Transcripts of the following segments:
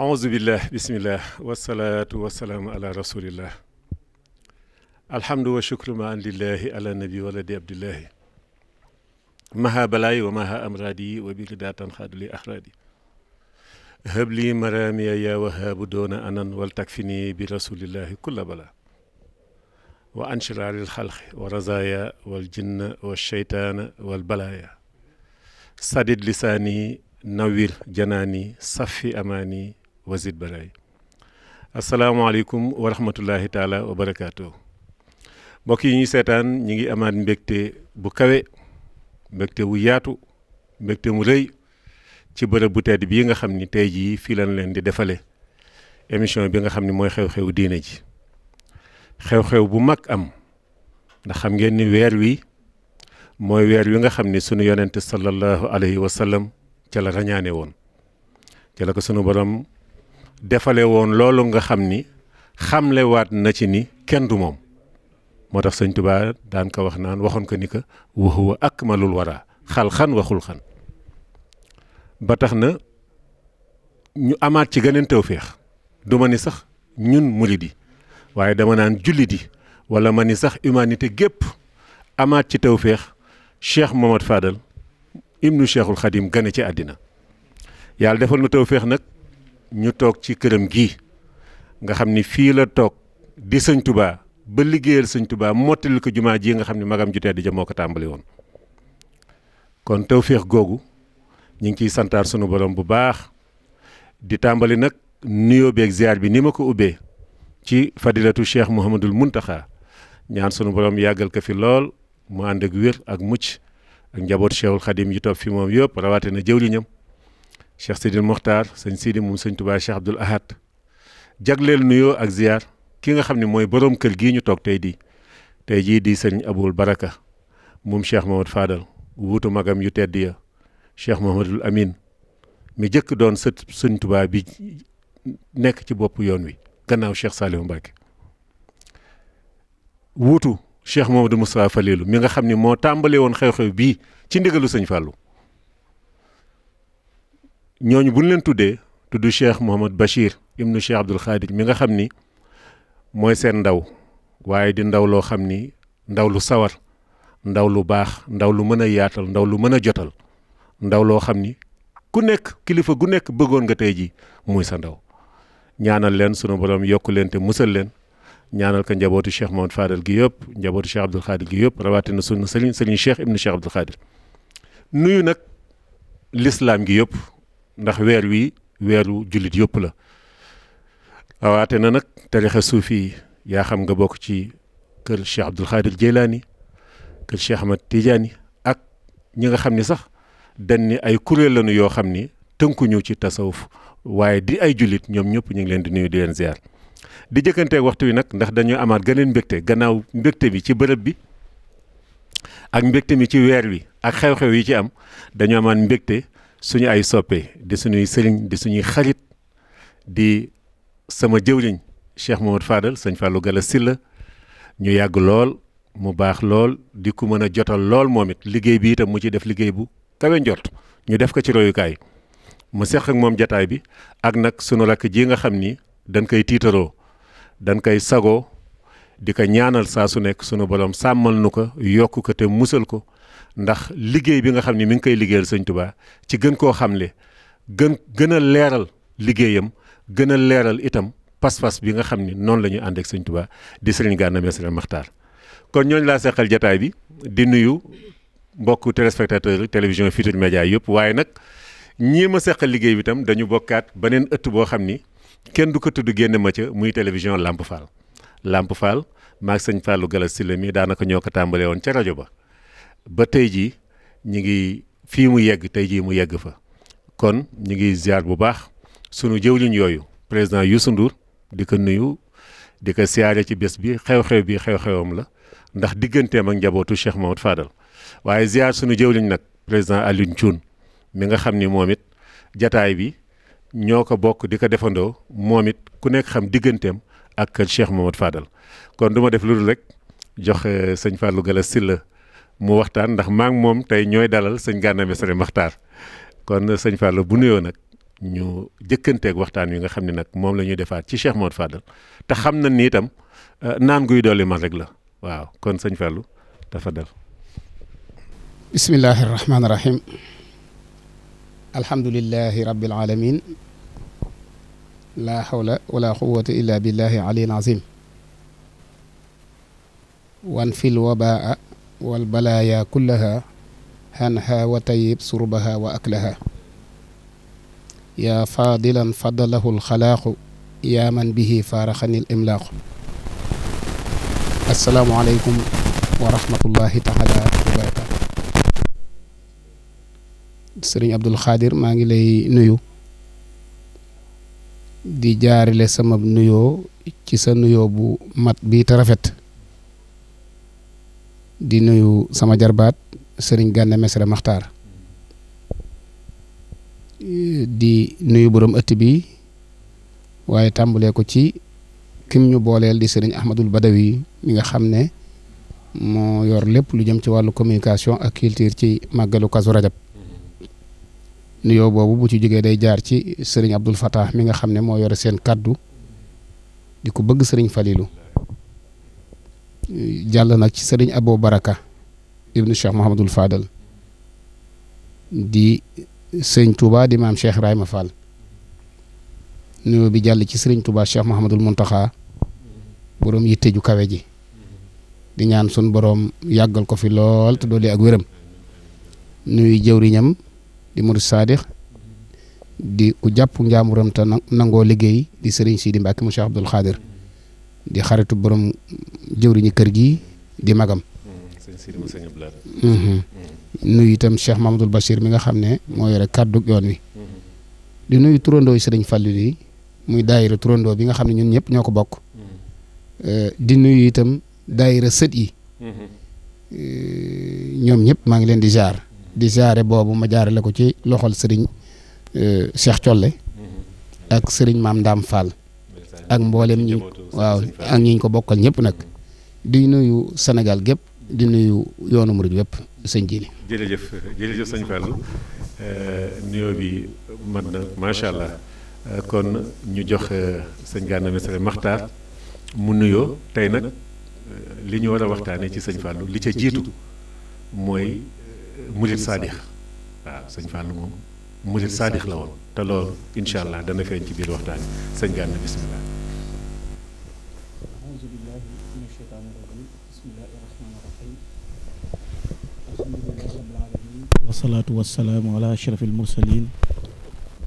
aousubillah bisimillah wasalaatu wasalaamu ala rasulillah alhamdu wa shukru ma an lillahi ala nabi wala di abdillahi maha balaay wa maha amradi wa biri daatan xaaduli ahradi hëbli maramiya ya wahaabu doona anan wal takfini bi rasulillahi kulla bala wa anshiraaril xalqi wa razaya wal jinna wa sheytaana wal balaaya sadid lisaani nawir janaani safi amaani wasit balaay asalaamaaleykum wa rahmatullahi taala wa barakaatu mbokk yi ñu seetaan ñi ngi amaat mbégte bu kawe mbégte bu yaatu mbégte mu rëy ci bërëb bu tedd bii nga xam ni tey jii fii lañ leen di defale émission bi nga xam ni mooy xew xew diine ji xew-xew bu mag am ndax xam ngeen ni weer wi mooy weer wi nga xam ni sunu yonent sallallahu alayhi wa sallam ca la rañaane woon ca la ko sunu borom defale woon loolu nga xam ni xamlewaat na ci ni kenn du moom moo tax sëñ Tuubaa daan ko wax naan waxoon ko ni que wa huwa akmalul wara xalxan waxul xan ba tax na ñu amaat ci geneen tawféex du ma ni sax ñun murid yi waaye dama naan jullit yi wala ma ni sax humanité gépp amaat ci tawféex Cheikh Mohamad Fadal ibnu Cheikhul Xadim gane ci àddina yàlla defal nu tawféex nag ñu toog ci këram gi nga xam ni fii la toog di sëñ tubaa ba liggéeyal sëñ tubaa mottali ko jumaa ji nga xam ni magam ju tedd ja moo ko tàmbali woon kon tawféex googu ñu ngi ciy santaar sunu borom bu baax di tàmbali nag nuyoo beeg bi ni ma ko ubbee ci fadilatu cheikh Mouhamadul Muntaxa ñaan sunu borom yàggal ko fi lool mu ànd ak wér ak mucc ak njaboot cheikhul xadim yi toog fi moom yëpp rawaate na jëwliñam Cheikh Sidil Mokhtar sëñ Sidi moom sëñ tubaa Cheikh Abdoul Ahad jagleel nuyoo ak ziar ki nga xam ne mooy boroom kër gii ñu toog tey di tey jii di sëñ Aboul Baraka moom Cheikh Mohamad Fadal wuutu magam yu tedd ya Cheikh Mohamadul Amin mi jëkk doon sët sëñ Touba bi nekk ci bopp yoon wi gannaaw Cheikh Saliou Mbacke wuutu Cheikh Mohamadou Moustapha Falilou mi nga xam ni moo tàmbale woon xew-xew bii ci ndigalu sëñ Fallou ñooñu bu ñu leen tuddee tudd cheikh Mouhamad Bachir ibnu cheikh Abdoul Khadir mi nga xam ni mooy seen ndaw waaye di ndaw loo xam ni ndaw lu sawar ndaw lu baax ndaw lu mën a yaatal ndaw lu mën a jotal ndaw loo xam ni ku nekk kilifa gu nekk bëggoon nga tey ji muy sa ndaw ñaanal leen sunu borom yokk leen te musal leen ñaanal ko njabootu cheikh Mouhamad Fadal gi yëpp njabootu cheikh Abdoul Khadir gi yëpp rawatina sunu sëriñ sëriñ cheikh ibnu cheikh Abdoul Khadir nuyu nag l'islam gi yëpp. ndax weer wi weeru jullit yëpp la rawaate na nag tarixa suufi yaa xam nga bokk ci kër Cheikh Abdul Xaadir Jeylaani kër Cheikh Ahmad Tijaani ak ñi nga xam ni sax dañ ni ay kuréel lañu yoo xam ni tënkuñu ci tasawuf waaye di ay jullit ñoom ñëpp ñu ngi leen di nuyu di leen ziar di jëkkanteeg waxtu wi nag ndax dañoo amaat gëneen mbégte gannaaw mbégte bi ci bërëb bi ak mbégte mi ci weer wi ak xew-xew yi ci am dañoo amaat mbégte suñu ay soppe di suñuy sëriñ di suñuy xarit di sama jëwriñ Cheikh Mamadou Fadal sëñ Fallou Gala Silla ñu yàgg lool mu baax lool di ku mën a jotal lool moom it liggéey bi itam mu ci def liggéey bu kawe njort ñu def ko ci royukaay mu seq ak moom jataay bi ak nag sunu rakk ji nga xam ni dañ koy tiitaroo dañ koy sagoo di ko ñaanal saa su nekk sunu borom sàmmal nu ko yokk ko te musal ko ndax liggéey bi nga xam ne mi ngi koy liggéeyal sëñ Tuubaa ci gën koo xamle gën gën a leeral liggéeyam gën a leeral itam pas-pas bi nga xam ne noonu la ñuy ànd ak di sëriñ Gana Messere Maxtaar kon ñooñu laa seqal jataay bi di nuyu mbokku téléspectateur télévision Futurs Médias yëpp waaye nag ñii ma seqal liggéey bi itam dañu bokkaat beneen ëtt boo xam ni kenn du ko tudd génne ma ca muy télévision Lamp Fall Lamp Fall maag sëñ Fallou Galas Sylla mi daanaka ñoo ko tàmbalee woon ca rajo ba ba tey jii ñu ngi fii mu yegg tey jii mu yegg fa kon ñu ngi ziar bu baax sunu jëwliñ yooyu président Youssou Ndour di ko nuyu di ko siyaare ci bés bi xew-xew bi xew-xewam la ndax digganteem ak njabootu Cheikh Mahmoud Fadal waaye ziar sunu jëwliñ nag président Alioune Thioune mi nga xam ni moom it jataay bi ñoo ko bokk di ko defandoo moom it ku nekk xam digganteem ak Cheikh Mahmoud Fadal kon du def lu dul rek jox eh, sëñ Fallou Galass Sylla mu waxtaan ndax maa moom tey ñooy dalal sëñ Gana Messere Maxtaar kon sëñ Fallou bu nuyoo nag ñu jëkkanteek waxtaan wi nga xam ni nag moom lañuy defaat ci Cheikh Modou Fadal te xam na ni itam euh, naan guy dolli man rek la waaw kon sëñ Fallou dafa dal bismillahi rahmaani rahim alhamdulilahi rabbil alamin laa hawla wala quwata illa billahi alil azim wan fil wabaa wal balaaya kullaha hanha wa tayyib surbaha wa aklaha yaa faadilan fadalahu alxalaaqu yaa man bihi faaraxani al imlaaqu asalaamualeykum wa rahmatullahi wa barakaatu sëriñ Abdul Xaadir maa ngi lay nuyu di jaarale sama nuyoo ci sa nuyoo bu mat bii te rafet di nuyu sama jarbaat sëriñ Gànna Mesere Maxtaar di nuyu borom ëtt bi waaye tàmbulee ko ci kim ñu booleel di sëriñ Ahmadul Badawi mi nga xam ne moo yor lépp lu jëm ci wàllu communication ak culture ci màggalu Kazu Rajab nuyoo boobu bu ci jógee day jaar ci sëriñ Abdul Fatah mi nga xam ne moo yore seen kàddu di ko bëgg sëriñ Falilu jàll nag ci sëriñ Abo Baraka ibnu Cheikh Mouhamadul Fadal di sëriñ Touba di maam Cheikh Ibrahima Fall nuyoo bi jàll ci sëriñ Touba Cheikh Mouhamadul Mountakha boroom yitte ju kawe ji di ñaan sun boroom yàggal ko fi lool te doole ak wéram nuyu jëwriñam di Murid Saadix di ku jàpp njaamuram te nangoo liggéey di sëriñ Sidi Mbacke mu Cheikh Abdoul Khadir di xaritu borom jëwriñu kër gi di magam. Mhm. nuyu itam Cheikh Mamadou Bachir mi nga xam ne moo yore kàddu yoon wi. di nuyu turandoo yi sëriñ Fallou yi muy daayira turandoo bi nga xam ne ñun ñëpp ñoo ko bokk. Mhm. Eh, di nuyu itam daayira sët yi. Mhm. Eh, ñoom ñëpp maa ngi leen di jaar. di jaare boobu ma jaarale ko ci loxol sëriñ eh, Cheikh Colle. ak sëriñ maam Ndam Fall. ak mboolem ñi waaw ak ñi ñu ko bokkal ñëpp nag di nuyu Sénégal gépp di nuyu yoonu murid wépp sëñ ji li jërëjëf jërëjëf sëñ Fallou euh, nuyoo bi mat na macha allah euh, kon ñu jox euh, sëñ Gana Messere Maxtaar mu nuyo tey nag li ñu war a waxtaanee ci sëñ Fallou li ca jiitu mooy murid saadix waaw sëñ Fallou moom murid saadix la woon. te loolu incha allah dana feeñ ci biir waxtaan bi sëñ Gana bisimilah. wasalaatu wasalaamu ala ashraf almursalin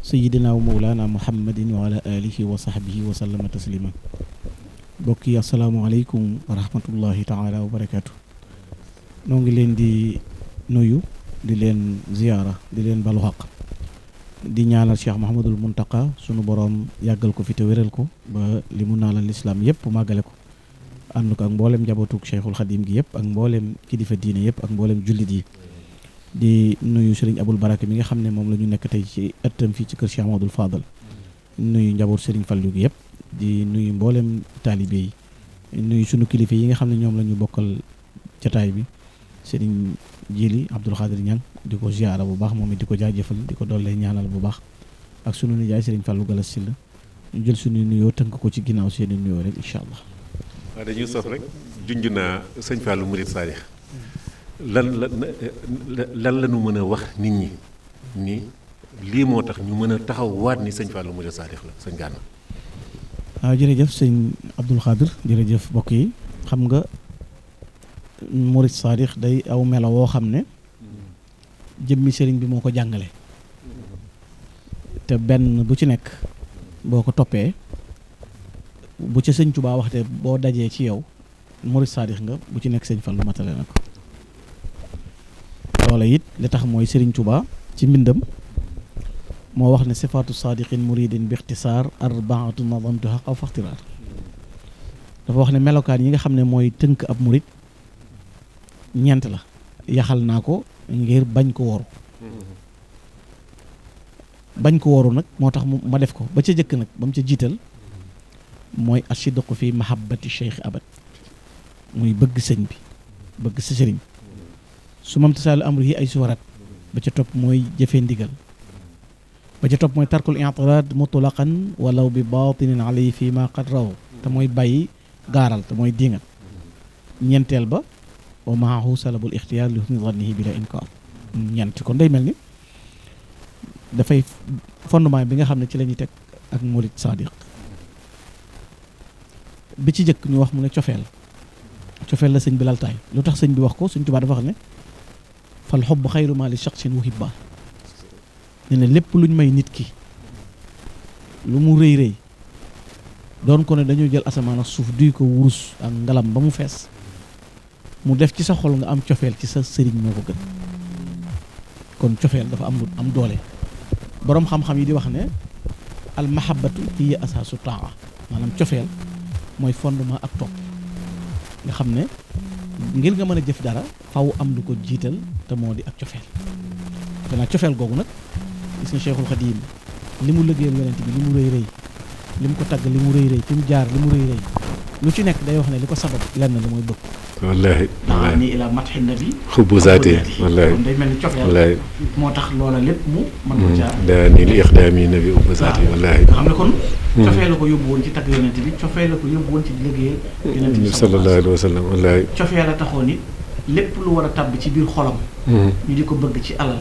sayidina wa mawlana muhammadin wa ala alihi wa sahbihi wa sallama taslima mbokk yi asalaamualeykum wa rahmatullahi taala wa barakaatu noo ngi leen di nuyu di leen ziyaara di leen balu xaq di ñaanal Cheikh Mahamadul Muntaka sunu boroom yàggal ko fi te wéral ko ba li mu naanal lislaam yëpp màggale ko ànd ko ak mbooleem njabootug Cheikhul Xadim gi yëpp ak mboolem kilifa diine yëpp ak mbooleem jullit yi di nuyu Serigne Abul Baraka mi nga xam ne moom la ñu nekk tey ci ëttam fii ci kër Cheikh Mahamadul Fadal nuyu njaboot sëriñ Fallou gi yëpp di nuyu mboolem taalibe yi nuyu sunu kilifa yi nga xam ne ñoom lañu ñu bokkal jataay bi Serigne jili Abdou Khadir Niang di ko ziara bu baax moom it di ko jaajëfal di ko dollee ñaanal bu baax ak sunu nijaay Serigne Fallou Galas Sylla ñu jël suñu nuyoo tënk ko ci ginnaaw seen nuyoo rek incha allah. waaw dañuy sof rek junj naa sëñ Fallou lan la lan la ñu mën a wax nit ñi ni lii moo tax ñu mën a taxaw waat ni sëñ Fallou Mouride Sadiq la sëñ Gana. waaw ah, jërëjëf sëñ Abdou Khadir jërëjëf mbokk yi xam nga. murid saadix day aw melo woo xam ne jëmmi sëriñ bi moo ko jàngale te benn bu ci nekk boo ko toppee bu ca sëñ Tuubaa waxte boo dajee ci yow murid saadix nga bu ci nekk sëñ Fallu na ko loola it li tax mooy sëriñ Tuubaa ci mbindam moo wax ne sifaatu saadiqin muridin bi ixtisaar arbaatu nadamtuha aw faxtiraar dafa wax ne melokaan yi nga xam ne mooy tënk ab murid ñeent la yaxal naa ko ngir bañ ko woru bañ ko woru nag moo tax ma def ko ba ca jëkk nag ba mu ca jiital mooy asidqu fi mahabbati cheikh abad muy bëgg sëñ bi bëgg sa sëriñ su mam tasaalu amri yi ay suwarat ba ca topp mooy jëfee ndigal ba ca topp mooy tarkul intirad mutlaqan walaw bi batinin alayhi fi ma qad raw te mooy bàyyi gaaral te mooy dingat ñeenteel ba wa maahu salabul ixtiyaar li husni zannihi bi la inkaar ñeent kon day mel ni dafay fondement bi nga xam ne ci lañuy teg ak murid sadiq bi ci jëkk ñu wax mu ne cofeel cofeel la sëñ bi laltaay lu tax sëñ bi wax ko sëñ Tuubaa dafa wax ne fal xob xayru maa li shaxsin wuhibba ne ne lépp luñ may nit ki lu mu rëy rëy doon ko ne dañoo jël asamaan ak suuf duy ko wurus ak ngalam ba mu fees mu def ci sa xol nga am cofeel ci sa sëriñ moo ko gën kon cofeel dafa am am doole boroom xam-xam yi di wax ne al mahabbatu hiya asaasu taa maanaam cofeel mooy fondement ak topp nga xam ne ngir nga mën a jëf dara faw am lu ko jiital te moo di ak cofeel te naa cofeel googu nag gis nga Cheikhul Xadim li mu liggéeyal yonent bi li mu rëy rëy li mu ko tagg li mu rëy rëy fi mu jaar li mu rëy rëy lu ci nekk day wax ne li ko sabab lenn li mooy bëgg wallaahi wallaahi ni ila matxi nabi xubbu zaati wallaahi day mel ni cof yàlla moo tax loola lépp mu mën ko caa hmm. daa ni li ixdaami nabi xubbu zaati wallaahi nga xam ne kon hmm. cofee la ko yóbbu woon ci tagg bi cofee la ko yóbbu woon ci liggéeyal yonent bi sallallahu alayhi wa sallam wallaahi cofee la taxoon it lépp lu war a tàbb ci biir xolam hmm. ñu di ko bëgg ci alal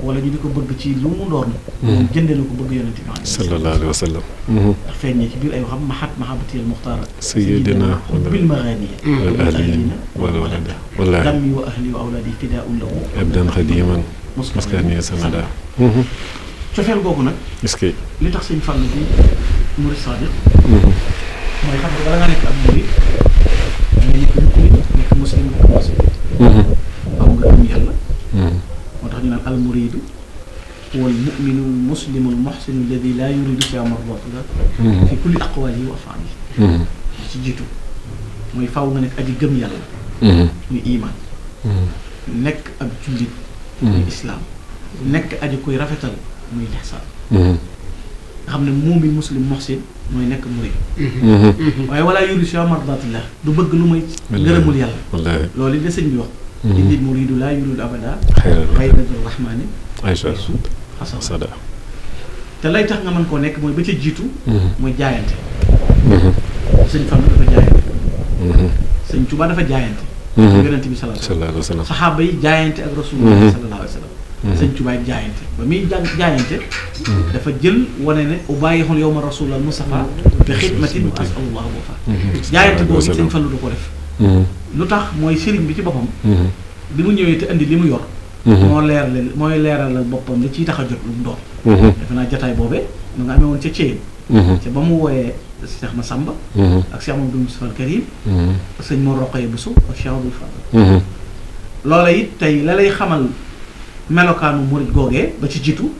wala ñu di ko bëgg ci lu mu doon. moom jëndee na ko bëgg yonente bi. sallallahu alayhi wa sallam. Hmm. feeñee ci biir ay waxam maxat mahabatiyal muxtaara. sayyidina bil maghaniya wal ahlina wal walada wallaahi dammi wa ahli wa awlaadi fidaa'un lahu abdan xadiman maskaniya sanada hmm. cofeel googu nag. est-ce que li tax sëñ Fall bi murid sadiq. Hmm. mooy xam nga bala nga nekk ab murid da nga nekk nit nekk muslim nekk muslim. am nga am yàlla. tax ñu naan al muridu wal muminu muslimul muhsinu alladi laa yuridu si amarbotula mm-hmm. fi kulli aqwaali wa afaali mm-hmm. ci jiitu mooy faw nga nekk aji gëm yàlla mm-hmm. muy iman nekk ab jullit muy islaam nekk aji kuy rafetal muy lexsaan nga xam ne muumin muslim muhsin mooy nekk murid waaye walaa yuridu si amarbotula du bëgg lu may ngërëmul yàlla loolu de sëñ bi wax Mhm. indil muridu laa yuridu abada xayratul rahmaani aysu asada te lay tax nga mën koo nekk mooy ba ca jiitu mhm. mooy jaayante mhm. sëñ Fallu dafa jaayante sëñ Tuuba dafa jaayante yonent bi sallallahu alayhi wa sallam saxaaba yi jaayante ak rasulullah sallallahu alayhi wa sallam sëñ Tubaay jaayante ba muy jaayante. dafa jël wane ne ubaayi xon yow ma rasulal Mustafa bi xidmatin as'alullah boo fa jaayante boobu sëñ Fallu du ko def lu tax mooy sëriñ bi ci boppam. li mu ñëwee te indi li mu yor. moo leer leen mooy leeral la boppam li ciy tax a jot lu mu doon. defe naa jotaay boobee mu nga amee woon ca Thiel. ca ba mu wooyee ma Massamba. ak Cheikh Mamadou Moustapha Karim. sëñ Mor Roqaye Bousso ak Cheikh Abdoul Fadal. loola it tey la lay xamal melokaanu murid googee ba ci jiitu.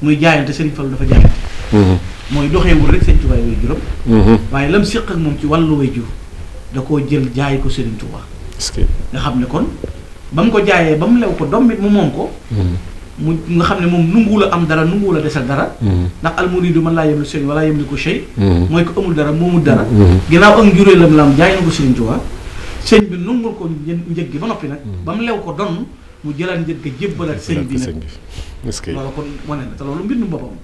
muy jaayante sëriñ Fallu dafa jaayante. mooy doxeewul rek sëñ Tuubaa mhm. waaye lam séq ak moom ci wàllu way jur. da ko jël jaay ko seen Touba. nga xam ne kon ba mu ko jaayee ba mu lew ko doom mu moom ko. Hmm. mu nga xam ne moom nunguwul a am dara nunguwul a desal dara. Hmm. ndax almuridu man laa yemli shay wala yemli ko shay. Hmm. mooy ko amul dara moomul dara. ginnaaw ak njureelam la am jaay ko Serigne Touba. sëñ bi nungul ko njëg gi ba noppi nag. ba mu lew ko donn mu jëlaat njëg ga jébbalaat sëñ bi nag. loolu kon wane na te loolu mbir mi boppam.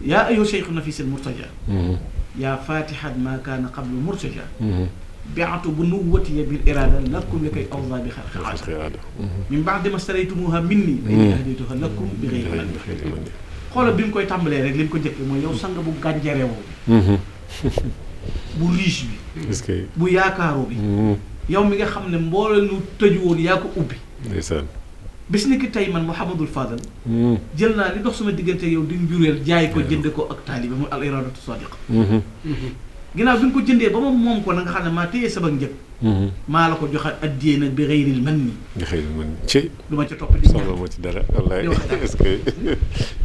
yaa ayoo seyxu nafisil murtaja. yaa fatihat ma kaana qablu murtaja bi'atu bu nuwwati bil irada lakum li koy awza bi xaxaada min ba'di ma staraytumuha minni la mm. ahdituha lakum bi xëy xoola bi mu koy tàmbalee rek li mu ko njëkkee mooy yow sang bu bi mm-hmm. bu riche bi bu yaakaaru bi mm-hmm. yow mi nga xam ne mbooloo nu tëju woon yaa ko ubbi ndeysaan bis ni ki tey man Mouhamadul Fadal mm-hmm. jël naa li dox sama diggante yow di njureel jaay ko jënd ko ak taalibe mu al iradatu sadiqa ginnaaw bi nga ko jëndee ba moom moom ko na nga xam ne maa téye sabak njëg mhm. maa la ko joxe addiyee nag bi xëyril man ni bi xëyril man lu ma ca topp di ci dara wallaay ce que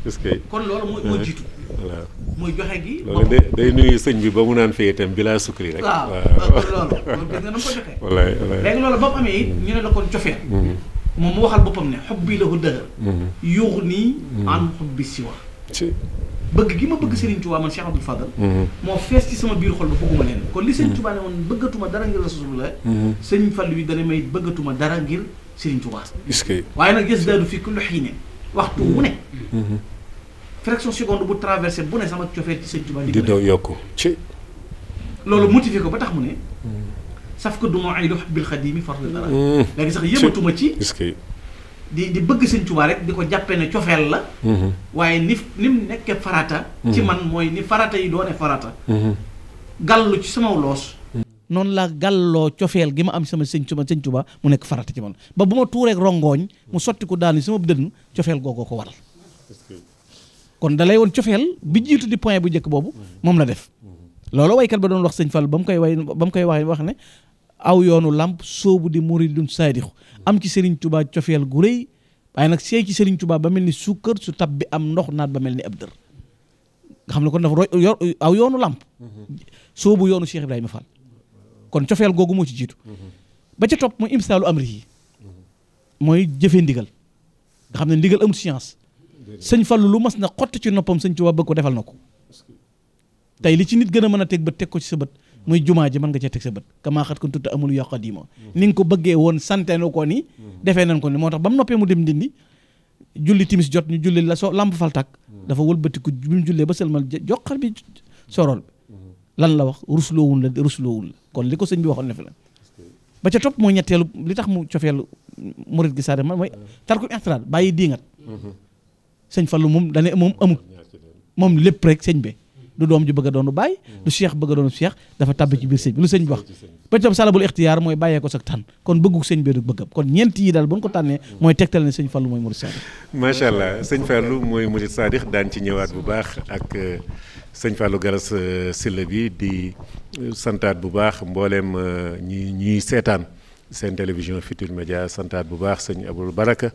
est-ce kon loolu mooy moo ah, jiitu mooy joxe gi loolu day nuyu sëñ bi ba mu naan fee itam bi laa sukri rek waaw loolu gis nga na ko joxee wallaay wallaay léegi loolu ba mu amee it mhm. ñu ne la kon cofeel mhm. moom mu waxal boppam ne xob bi la ko dëgër yuux nii am xob bi si wax bëgg gi ma bëgg Serigne Touba man Cheikh Abdoul Fadal mhm. moo fees ci sama biir xol ba bëgguma leen kon li Serigne mhm. Touba ne woon bëggatuma dara ngir Rasulullah mhm. Serigne Fallou bi dana may bëggatuma dara ngir Serigne Touba waaye nag gës daadu fi kulli xiine waxtu wu ne fraction seconde bu traversé bu ne sama cofeet ci Serigne Touba di daw yokku ci loolu motivé ko ba tax mu ne saf ko du ma ay dox bil xadimi farle dara léegi sax yëmatuma ci di di bëgg sëñ Tuubaa rek di ko jàppee ne cofeel la. Mhm. waaye ni ni mu nekkee farata. ci mhm. man mooy ni farata yi doone farata. Mhm. gàllu ci sama loos. noonu laa gàlloo cofeel gi ma am sama sëñ Tuubaa sëñ Tuubaa mu nekk farata ci man ba bu ma tuureeg rongooñ mu sotti ko daal ni sama dënn cofeel googoo ko waral. kon da lay woon cofeel bi jiitu di point bu njëkk boobu moom la def. loolu waykat ba doon wax sëñ Fall ba mu koy way ba mu koy wax ne. aw yoonu làmp soobu di muridun saadixu am ci sëriñ Touba cofeel gu rëy waaye nag seey ci Serigne Touba ba mel ni sukkër su tab bi am ndox naat ba mel ni ab dër nga xam ne kon dafa yor aw yoonu làmp soobu yoonu Cheikh Ibrahima Fall kon cofeel googu moo ci jiitu ba ca topp mooy imsaalu amri yi mooy jëfee ndigal nga xam ne ndigal amul science sëñ Fallu lu mas na xott ci noppam sëñ Touba bëgg ko defal na ko li ci nit gën a mën a teg bët teg ko ci sa bët muy jumaa ji mën nga cee teg sa bët kamaa xat kun tutta amul yoqat yi ma ni nga ko bëggee woon santenu ko ni defee nañ ko ni moo tax ba mu noppee mu dem ndindi julli timis jot ñu julli la so lamp fal takk dafa wëlbatiku bi mu jullee ba sëlmal jox xar bi sorol bi lan la wax rusloowul la rusloowul la kon li ko sëñ bi waxoon ne fi la ba ca topp mooy ñetteelu li tax mu cofeelu murit gi saade man mooy tarku ixtiraat bàyyi diingat mhm. sëñ Fallu moom dane moom amut moom lépp rek sëñ bi lu doom ji bëgg a doonu baay du cheikh bëgg a doonu cheikh dafa tàbbi ci biir sëñ bi lu sëñ bi wax ba ci salabul ixtiyaar mooy bàyyee ko sak tànn kon bëggu sëñ bi du bëggam kon ñeent yi daal bu ñu ko tànnee mooy tegtal ne sëñ Fallou mooy murid saadix macha allah sëñ Fallou mooy murid saadix daan ci ñëwaat bu baax ak euh, sëñ Fallou Galass euh, Sylla bi di santaat bu baax mbooleem euh, ñi ñiy seetaan seen télévision Futurs Médias santaat bu baax sëñ Abul Baraka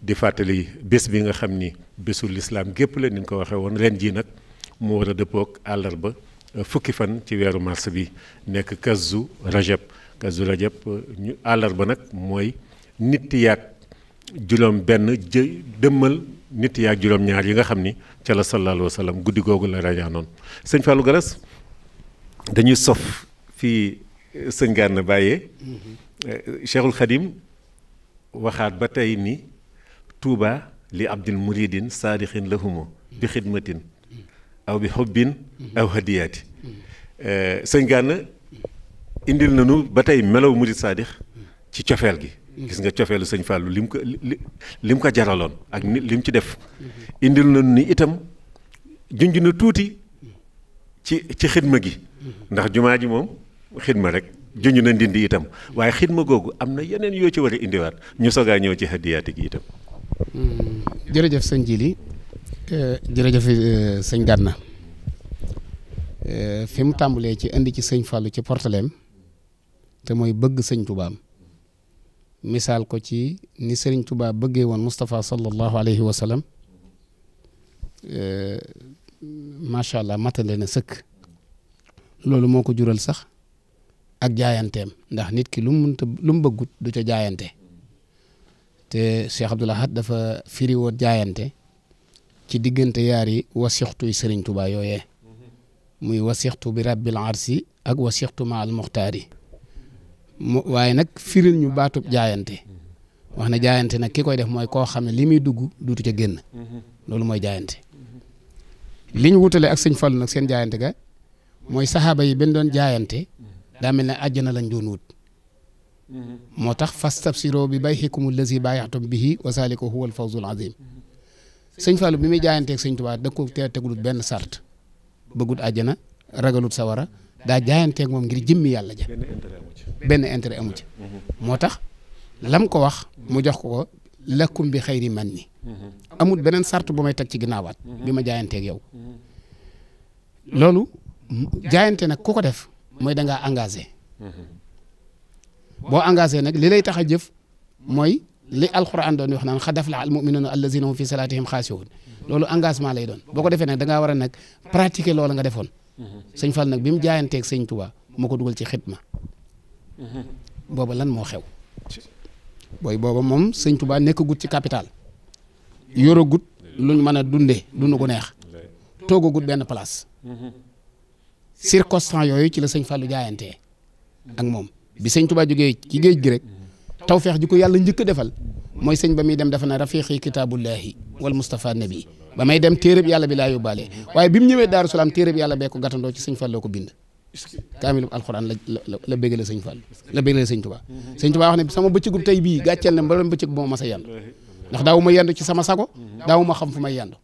di fàttali bés bi nga xam ni bésu lislaam gépp la ni ko waxee woon ren jii nag mu war a dëppook àllarba euh, fukki fan ci weeru mars bi nekk kazu rajab kazu rajab euh, ñu àllarba nag mooy nit yaag juróom benn jë dëmmal nit yaag juróom ñaar yi nga xam ni ca la sallallahu alayhi guddi googu la rajaanoon sëñ Fallou Garas dañuy sof fii euh, sëñ Gana Baye mm-hmm. Cheikhul Khadim waxaat ba tey ni Touba li abdil muridin saadixin lahumu bi xidmatin aw bi xobbin aw hadiyaati eh, sëñ Gana indil na nu ba tey melow murid saadix ci cofeel gi gis nga cofeelu sëñ Fallou lim ko lim ko jaraloon ak ni lim ci def indil nañu ni itam junj na tuuti ci ci xidma gi ndax jumaa ji moom xidma rek junj na ndindi itam waaye xidma googu am na yeneen yoo ci war a indiwaat ñu sogaa ñëw ci hadiyaati gi itam hmm, Eh, jërëjëf eh, sëñ Gana eh, fi mu tàmbalee ci indi ci sëñ Fallou ci portaleem te mooy bëgg sëñ tubaam misaal ko ci ni sëriñ tubaa bëggee woon Moustapha sallallahu alayhi wa sallam macha allah matale na sëkk loolu moo ko jural sax ak jaayanteem ndax nit ki lu mu mënta lu bëggut du ca jaayante te Cheikh Abdoul Ahad dafa firi jaayante. ci diggante yaari wasixtuy sëriñ Tuubaa yooyee muy wasixtu bi rabbil arsi ak wasixtu ma al muxtaari mu waaye nag firil ñu baatub jaayante wax na jaayante nag ki koy def mooy koo xam ne li muy dugg duutu ca génn loolu mooy jaayante li ñu wutale ak sëñ Fallu nag seen jaayante ga mooy saxaaba yi benn doon jaayante daa mel ne àjjana lañ doon wut moo tax fastabsiroo bi bay'ikum allazi baayaxtum bihi wa zaalika huwa al fawzul sëñ Fallou bi muy jaayanteeg sëñ Tuubaa da ko tee tegulut benn sart bëggut àjjana ragalut sawara daa jaayanteeg moom ngir jëmmi yàlla ja benn intérêt amu mhm. moo tax lam ko wax mu jox ko ko lakkum bi xayri man ni mhm. amul beneen sart bu may teg ci ginnaawaat mhm. bi ma jaayanteeg yow loolu jaayante nag ku ko def mooy da ngaa engagé boo engagé nag li lay tax a jëf mooy li alquran doon wax naan xad aflaha almuminuuna allazina hum fi salaatihim xaasiuun loolu engagement lay doon boo ko defee nag da ngaa a nag pratiquer loola nga defoon sëñ Fall nag bi mu jaayanteeg sëñ Tuubaa moo ko dugal ci xidma booba lan moo xew booba moom sëñ Tuubaa nekkagut ci capital luñ mën a dundee dund gu neex toogagut benn place circonstance yooyu ci la sëñ Fallu jaayantee ak moom bi sëñ Tuubaa jógee ci géej gi rek tawfeex ji ko yàlla njëkk defal mooy sëñ ba muy dem dafa na rafiqi kitaabullahi wal Mustafa nabi ba may dem téereb yàlla bi laa yóbbaale waaye bi mu ñëwee Daaru Salaam téereb yàlla bee ko gàttandoo ci sëñ Fallou ko bind kaamilu alxuraan la la la béggale sëñ Fall la béggale sëñ Tuubaa sëñ Tuubaa wax ne sama bëccëgub tey bii gàcceel na mbalam bëccëg bu ma mas a ndax daawu ma yendu ci sama sago daawu ma xam fu may yendu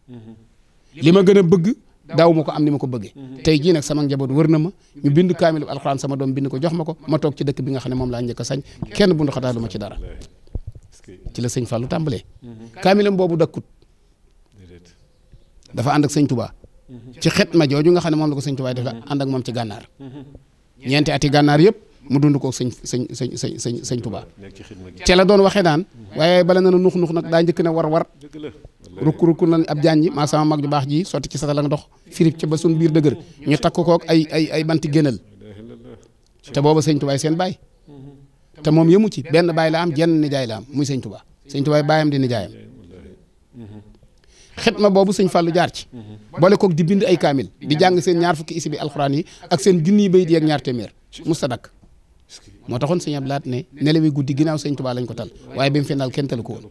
li ma gën a bëgg daaw ma ko am ni ma ko bëggee mhm. tey jii nag sama njaboot wër na ma ñu bind kaamilu alxuraan sama doom bind ko jox ma ko ma toog ci dëkk bi nga xam moom laa njëkk a sañ kenn bu ndoxataa lu ma ci dara ci la sëñ Fallou tàmbalee mhm. kaamilam boobu dëkkut dafa ànd ak sëñ Touba mhm. ci xet ma jooju nga xam ne moom la ko sëñ Touba def la ànd ak moom ci gànnaar ñeenti ati gànnaar yëpp mu dund ko sëñ sëñ sëñ sëñ sëñ sëñ Tuubaa ci la doon waxee naan waaye bala na na nux nag daa njëkk na war war rukk rukk nañ ab jaan ji maa sama mag ju baax ji sotti ci sata la nga dox firib ca ba suñ biir dëgër ñu takk kook ay ay ay banti génnal te booba sëñ Tuubaa seen baay te moom yëmu ci benn baay la am jenn nijaay la am muy sëñ tubaa sëñ Tuubaa baayam di nijaayam xitma boobu sëñ Fallou jaar ci boole kook di bind ay kaamil di jàng seen ñaar fukki isi bi alxuraan yi ak seen junniy bayit yeeg ñaar téeméer mustadak moo taxoon sëñ Abdou Lahat ne nelawi guddi ginnaaw sëñ Tuubaa lañ ko tal waaye bi mu fi naal kenn talu ko woon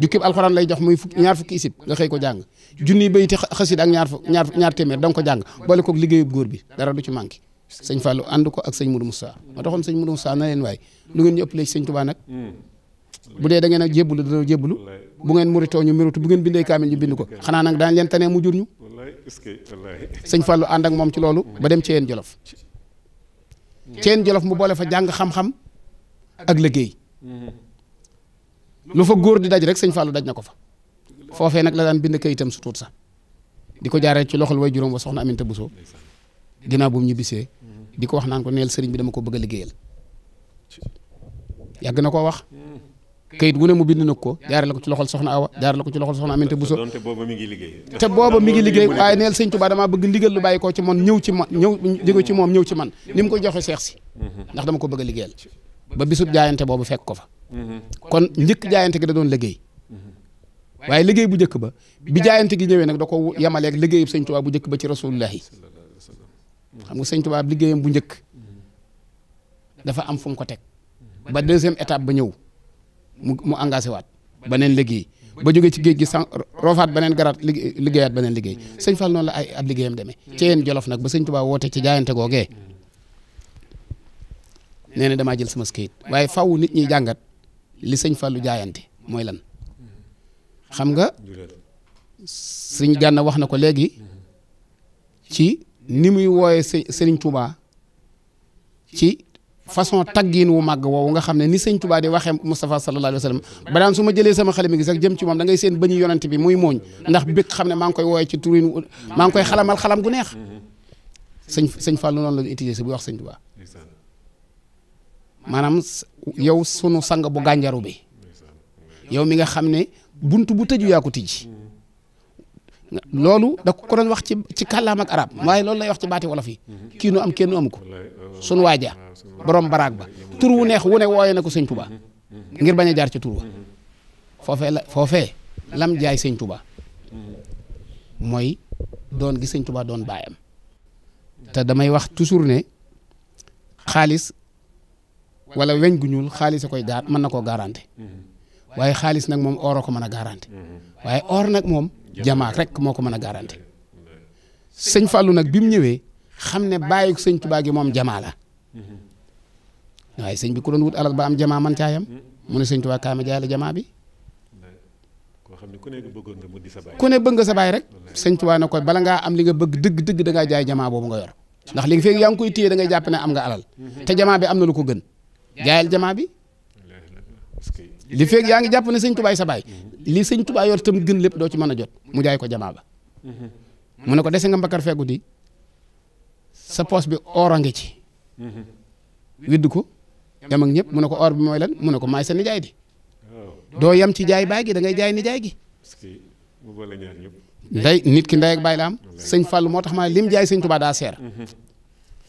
jukkib alxuraan lay jox muy fukki isib nga xëy ko jàng junniy bayti xasid ak ñaar ñaar ñaar téeméer da nga ko jàng boole ko liggéeyub góor bi dara du ci manqué sëñ Fallou ànd ko ak sëñ Mourou Moussa moo taxoon sëñ Mourou Moussa na leen waay lu ngeen ñu ëpp léegi sëñ Tuubaa nag bu dee da ngeen a bu ngeen muritoo ñu muritu bu ngeen bindee kaamil ñu bind ko xanaa nag daañ leen tanee mu jur ñu sëñ Fallou ànd ak moom ci loolu ba dem ci yeen Jolof ceen jolof mu boole fa jàng xam-xam ak liggéey lu fa góor di daj rek sëñ Fallou daj na ko fa foofee nag la daan bind kayitam su tuut sax di ko jaaree ci loxol way juróom wa soxna Aminta Bousso ginnaaw bu mu ñibbisee di ko wax naan ko neel sëriñ bi dama ko bëgg a yàgg na koo wax kayit wu ne mu bind nag ko jaare la ko ci loxol soxna Awa jaare la ko ci loxol soxna Aminata Bousso te booba mi ngi liggéey te booba mi ngi liggéey waaye neel sëñ Tuubaa damaa bëgg ndigal lu bàyyi koo ci man ñëw ci man ñëw jóge ci moom ñëw ci man ni mu ko joxe seex si mm-hmm. ndax dama ko bëgg a ba bisub jaayante boobu fekk ko fa mm-hmm. kon njëkk jaayante gi da doon liggéey mm-hmm. waaye liggéey bu njëkk ba bi jaayante gi ñëwee nag da ko yemaleeg liggéeyub sëñ Tuubaa bu njëkk ba ci rasulullah yi xam nga sëñ Tuubaa liggéeyam bu njëkk dafa am fu ko teg ba deuxième étape ba ñëw mu mu engagé waat beneen liggéey ba jóge ci géej gi san roofaat beneen garaat liggéeyaat beneen liggéey sëñ Fall noonu la ay ab liggéeyam demee ci yéen jolof nag ba sëñ Tuubaa woote ci jaayante googee nee na damaa jël sama kayit waaye faw nit ñi jàngat li sëñ Fallu jaayante mooy lan xam nga sëñ Gànna wax na ko léegi ci ni muy wooye sëriñ Tuubaa ci façon taggiin wu màgg woowu nga xam ne ni sëñ Tuubaa di waxee Moustapha sallallahu alayhi wa sallam ba daan su ma jëlee sama xale mi gi sax jëm ci moom da ngay seen bëñu yonante bi muy mooñ ndax bëgg xam ne maa ngi koy wooyee ci turin maa ngi koy xalamal xalam gu neex sëñ sëñ Fallou noonu la ñu utilisé bu wax sëñ Tuubaa maanaam yow sunu sang bu gànjaru bi yow mi nga xam ne bunt bu tëju yaa ko tijji loolu da ko ko doon wax ci ci kàllaam ak arab waaye loolu lay wax ci baati wolof yi kii nu am kenn amu ko sunu waaja boroom baraag ba tur wu neex wu ne wooye na ko sëñ Tuba ngir bañ a jaar ci tur ba foofee la foofee lam jaay sëñ Tuba mooy doon gi sëñ tubaa doon baayam te damay wax toujours ne xaalis wala weñ gu ñuul xaalis a koy gaar mën na koo garante waaye xaalis nag moom or a ko mën a garanti waaye or nag moom. jamaa rek moo ko mën a garanti sëñ Fallou nag bi mu ñëwee xam ne bàyyi sëñ Tuubaa gi moom jamaa la waaye sëñ bi ku doon wut alal ba am jamaa man caayam mu ne sëñ Tuubaa kaama jaay la jamaa bi. ku ne bëgg nga sa baay rek sëñ Tuubaa ne ko bala ngaa am li nga bëgg dëgg dëgg dangaa jaay jamaa boobu nga yor ndax léegi feeg yaa ngi koy téye da ngay jàpp ne am nga alal mm-hmm. te jamaa bi am na lu ko gën jaayal jamaa bi. li feeg yaa ngi jàpp ne sëñ tubaay sa baay li sëñ tubaay yor tam gën lépp doo ci mën a jot mu jaay ko jamaa ba mu ne ko dese nga mbakar feggu di sa poos bi or a ci widd ko yam ak ñëpp mu ne ko or bi mooy lan mu ne ko maay sa nijaay di doo yam ci jaay baay gi da ngay jaay nijaay gi nday nit ki nday baay la am sëñ Fallou moo tax ma lim jaay sëñ tubaa daa seer mm-hmm.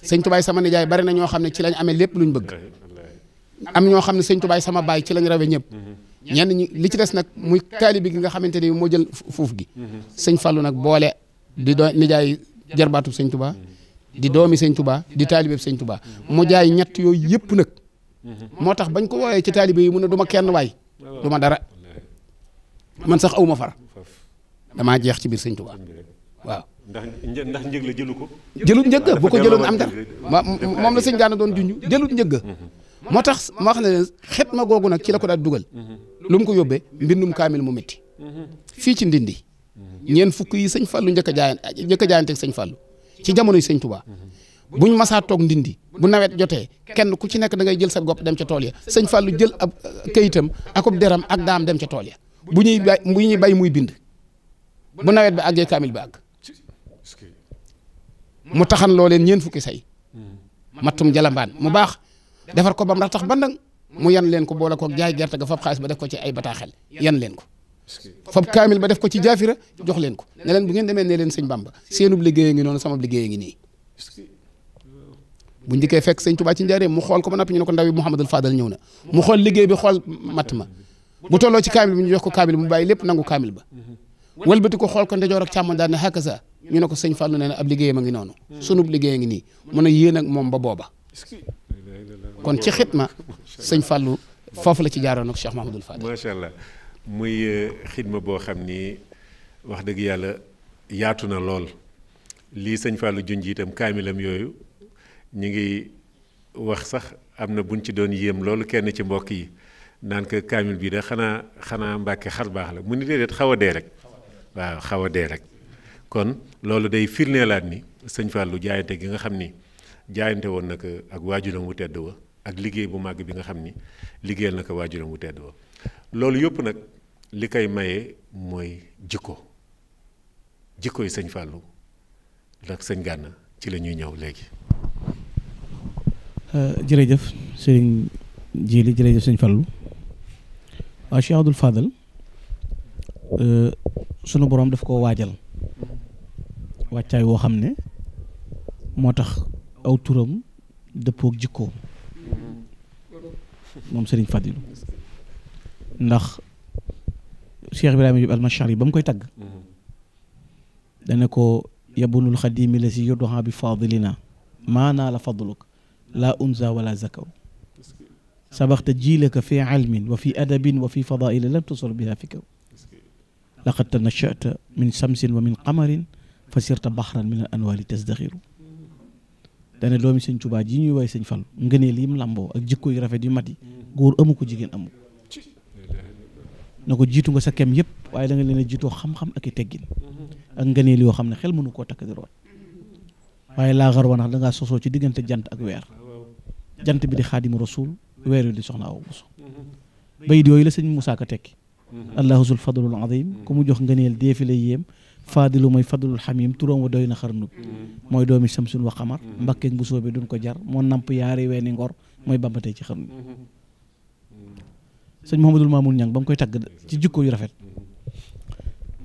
sëñ tubaay sama nijaay bari na ñoo xam ne ci lañ amee lépp luñ bëgg am ñoo xam ne sëñ tubaay sama baay ci lañ rawe ñëpp ñenn ñi li ci des nag muy taalibe gi nga xamante ne moo jël fuuf gi sëñ Fallou nag boole di doo nijaay jarbaatub sëñ tubaa di doomi sëñ tubaa di taalibe sëñ tubaa mu jaay ñett yooyu yëpp nag moo tax bañ ko waxee ci taalibe yi mu na du kenn waay du ma dara man sax awma far damaa jeex ci biir sëñ tubaa waaw ndax ndax njëg la jëlu ko jëlut njëgg bu ko jëloon am dara moom la sëñ gaana doon junj jëlut njëgg moo tax ma wax ne leen ma googu nag ci la ko daal dugal. lu mu ko yóbbee mbindum kaamil mu métti. fii ci ndindi. ñeent fukk yi sëñ Fallou njëkk a jaayaan njëkk sëñ Fallou ci jamonoy sëñ Touba. buñ masaa toog ndindi bu nawet jotee kenn ku ci nekk da ngay jël sa gopp dem ca tool ya sëñ Fallou jël ab uh, kayitam akub deram ak daam dem ca tool ya bu ñuy bay bu bay muy bind. bu nawet bi àggee kaamil bi àgg. mu taxan loo leen fukki say. Hmm. mattum jalambaan mu baax. defar ko bam mu tax bandang mu yan leen ko boole koog jaay gerte ga fab xaalis ba def ko ci ay bataaxel yan leen ko fab kaamil ba def ko ci jaafira jox leen ko ne leen bu ngeen demee ne leen sëñ Bamba seenub liggéey ngi noonu sama liggéey ngi nii bu njëkkee fekk sëñ Tuubaa ci njaareem mu xool ko ba noppi ñu ne ko ndaw yi Mouhamadul Fadal ñëw na mu xool liggéey bi xool mat ma bu tolloo ci kaamil bi ñu jox ko kaamil mu bàyyi lépp nangu kaamil ba wëlbati ko xool ko ndejoor ak càmmoñ daal ne xàkk sa ñu ne ko sëñ Fallou nee na ab liggéeyam a ngi noonu sunub liggéey ngi nii mu ne yéen moom ba booba kon ci xitma sëñ Fallou foofu la ci jaaroon ak Cheikh Mahmoudul Fadel. macha allah muy euh, xitma boo xam ni wax dëgg yàlla yaatu na lool lii sëñ Fallou junj itam kaamilam yooyu ñu ngi wax sax am na buñ ci doon yéem loolu kenn ci mbokk yi naan ko kaamil bii de xanaa xanaa mbàkke xar baax la mu ni déedéet xaw a dee rek waaw xaw a dee rek kon loolu day firneelaat ni sëñ Fallou jaayante gi nga xam ni jaayante woon na ak ak waajuram mu tedd wa ak liggéey bu màgg bi nga xam ni liggéeyal na ko waajuram wu tedd ba loolu yëpp nag li koy maye mooy jikko jikko yi sëñ Fallou ak sëñ Gànna ci la ñuy ñëw léegi. Euh, jërëjëf sëñ Jili jërëjëf sëñ Fallou waaw Cheikh Abdoul euh, sunu borom daf koo waajal wàccaay woo xam ne moo tax aw turam dëppook jikkoom. moom Serigne Fadilu ndax Cheikh Ibrahima Diop al-Mashari ba mu koy tagg dana ko yabunul xadimi la si yoddoha bi fadilina maanaa la fadluk laa unza wala zakaw sabaxta jiilaka fi ilmin wa fi adabin wa fi fadaila lam tusol biha fi kaw laqad tanashata min samsin wa min qamarin fa sirta baxran min al anwaari tasdaxiru dane doomi sëñ Tuubaa ji ñuy woy sañ Fallu ngëneel yi mu làmboo ak jikko yu rafet yu mat yi góor amu ko jigéen amu na ko jiitu nga sa kem yëpp waaye da nga leen a ak i yoo xam ne xel mënu koo takk di root waaye laa xar wanax sosoo ci diggante jant ak weer jant bi di xaadimu rasul weer yu di soxna aw busu bayit yooyu la sëñ Moussa Ka tekki allahuzul fadlul azim ku mu jox ngëneel déefile yéem faadilu mooy fadlul xamim turam wa doy na xarnub mm-hmm. mooy doomi samsun wa xamar mm-hmm. mbakkeeg bu soobe duñ ko jar moo namp yaari weeni ngor mooy bambatee ci xarnub mm-hmm. sëñ Mouhamadul Mamoun Ñang ba mu koy tagg ci jikko yu rafet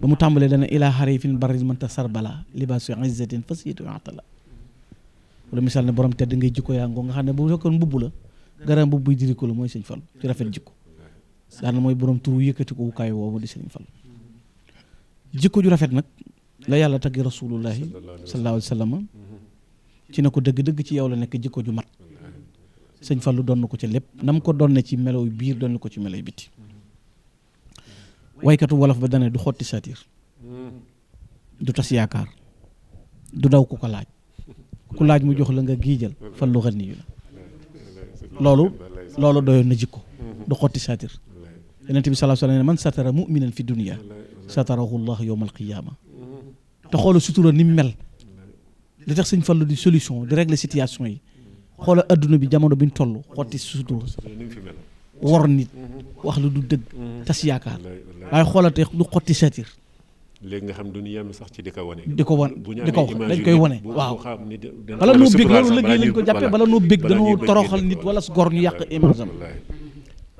ba mu tàmbalee dana ilaa a barrin mënta sarbala libaasu izzatin fasiitu atala wala misaal ne borom tedd ngay jikko yaa ngoo nga xam ne bu fekkoon mbubb la garam mbubb buy diri ko la mooy sëñ Fall ci rafet jikko daana mooy borom turu yëkkati ko wukaay di sëñ jikko ju rafet nag la yàlla taggi rasulullahi sallallahu alayhi wa sallam ci na ko dëgg-dëgg ci yow la nekk jikko ju mat sëñ Fallou doon na ko ci lépp nam ko doon na ci melow biir doon na ko ci melow biti waykatu wolof ba dane du xotti satir du tas yaakaar du daw ku ko laaj ku laaj mu jox la nga giijal Fallou xel yu la loolu loolu doyoon na jikko du xotti satir yonent bi sallallahu alayhi wa man satara mu'minan fi dunya sa satarahu llah yowmal qiyaama te xoola sutura ni mel li tax sëñ Fallu di solution di régler situation yi xoola adduna bi jamono biñ toll xotti sutura wor nit wax lu du dëgg tas yaakaar waaye xoola te lu xotti satir léegi nga xam du ñu yem sax ci di ko wane. di ko wan di ko dañ koy wane waaw. bala noo bég loolu liggéey lañ ko jàppee bala noo bég dañoo toroxal nit wala gor ñu yàq image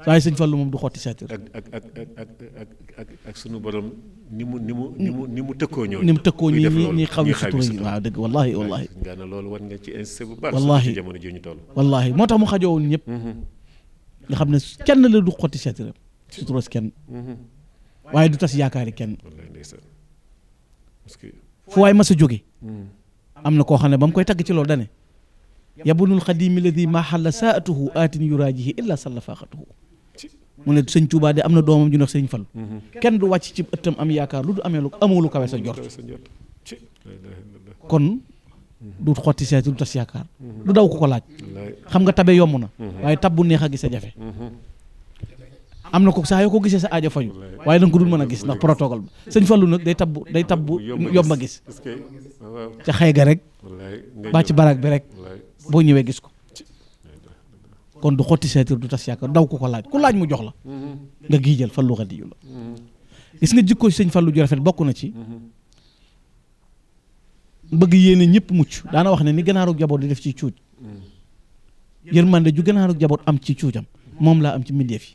waaye sëñ Fallou moom du xotti seetir ak ak sunu borom ni mu ni mu ni mu ni mu tëkkoo ñooñu. ni mu tëkkoo ñi ñi xaw yi waaw dëgg wallaahi wallaahi. nga ne loolu war nga ci insisté bu baax. wallaahi jamono ji ñu toll. wallaahi moo tax mu xajoowul ñëpp. Mm-hmm. nga xam ne kenn la du xotti seetiram suturoos kenn. Mm-hmm. waaye du tas yaakaari kenn. fu waay mas a jóge mm-hmm. am na koo xam ne ba mu koy tagg ci loolu dane yabunul xadimi alladi ma xalla saatuhu aatin yuraajihi illa salla faaxatuhu mu ne sëñ Touba de am na doomam ju ndax sëñ Fall mhm. kenn du wàcc ci ëttam am yaakaar lu du amee lu amoo lu kawe sa njort kon du xotti seet du tas yaakaar du mhm. daw ko ko laaj xam nga tabe yomb na mhm. waaye tab bu neex a gis a jafe am na ko saa yoo ko gisee sa aajo faju waaye danga ko dul mën a gis ndax protocole ba sëñ Fallu nag day tabbu day tabbu yomb a gis ca xëy ga rek baa ci bi rek boo ñëwee gis ko kon du xotti seetir du tas yaakaar daw ko ko laaj ku laaj mu jox la mm-hmm. nga gii jël fallu xaddi yu la mm-hmm. gis nga jikko sëñ fallu ju rafet bokk na ci mm-hmm. bëgg yéene ñëpp mucc daana wax ne ni ganaaru jaboot di def ci cuuj yërmande ju ganaaru jaboot am ci cuujam moom laa am ci mbindeef yi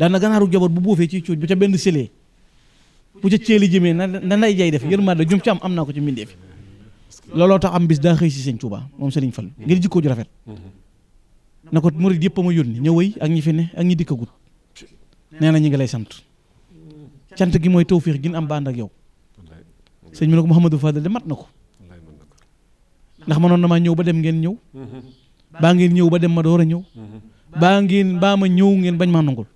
daana ganaaru jaboot bu boofee ci cuuj bu ca benn sëlee bu ca ceeli jëmee na nday jay def yërmande jum ci am am naa ko ci mbindeef yi looloo tax am bis daa xëy si sëñ Tuubaa moom na ko murid yëpp a ma yónni ñëwëy ak ñi fi ne ak ñi dikkagut nee na ñi ngi lay sant cant gi mooy tawfiix gi ñu am ba ànd ak yow sëñ bi ne ko Mouhamadou Fadel de mat na ko ndax manoon na maa ñëw ba dem ngeen ñëw baa ngeen ñëw ba dem ma door a ñëw baa ngeen baa ma ñëw ngeen bañ maa nangul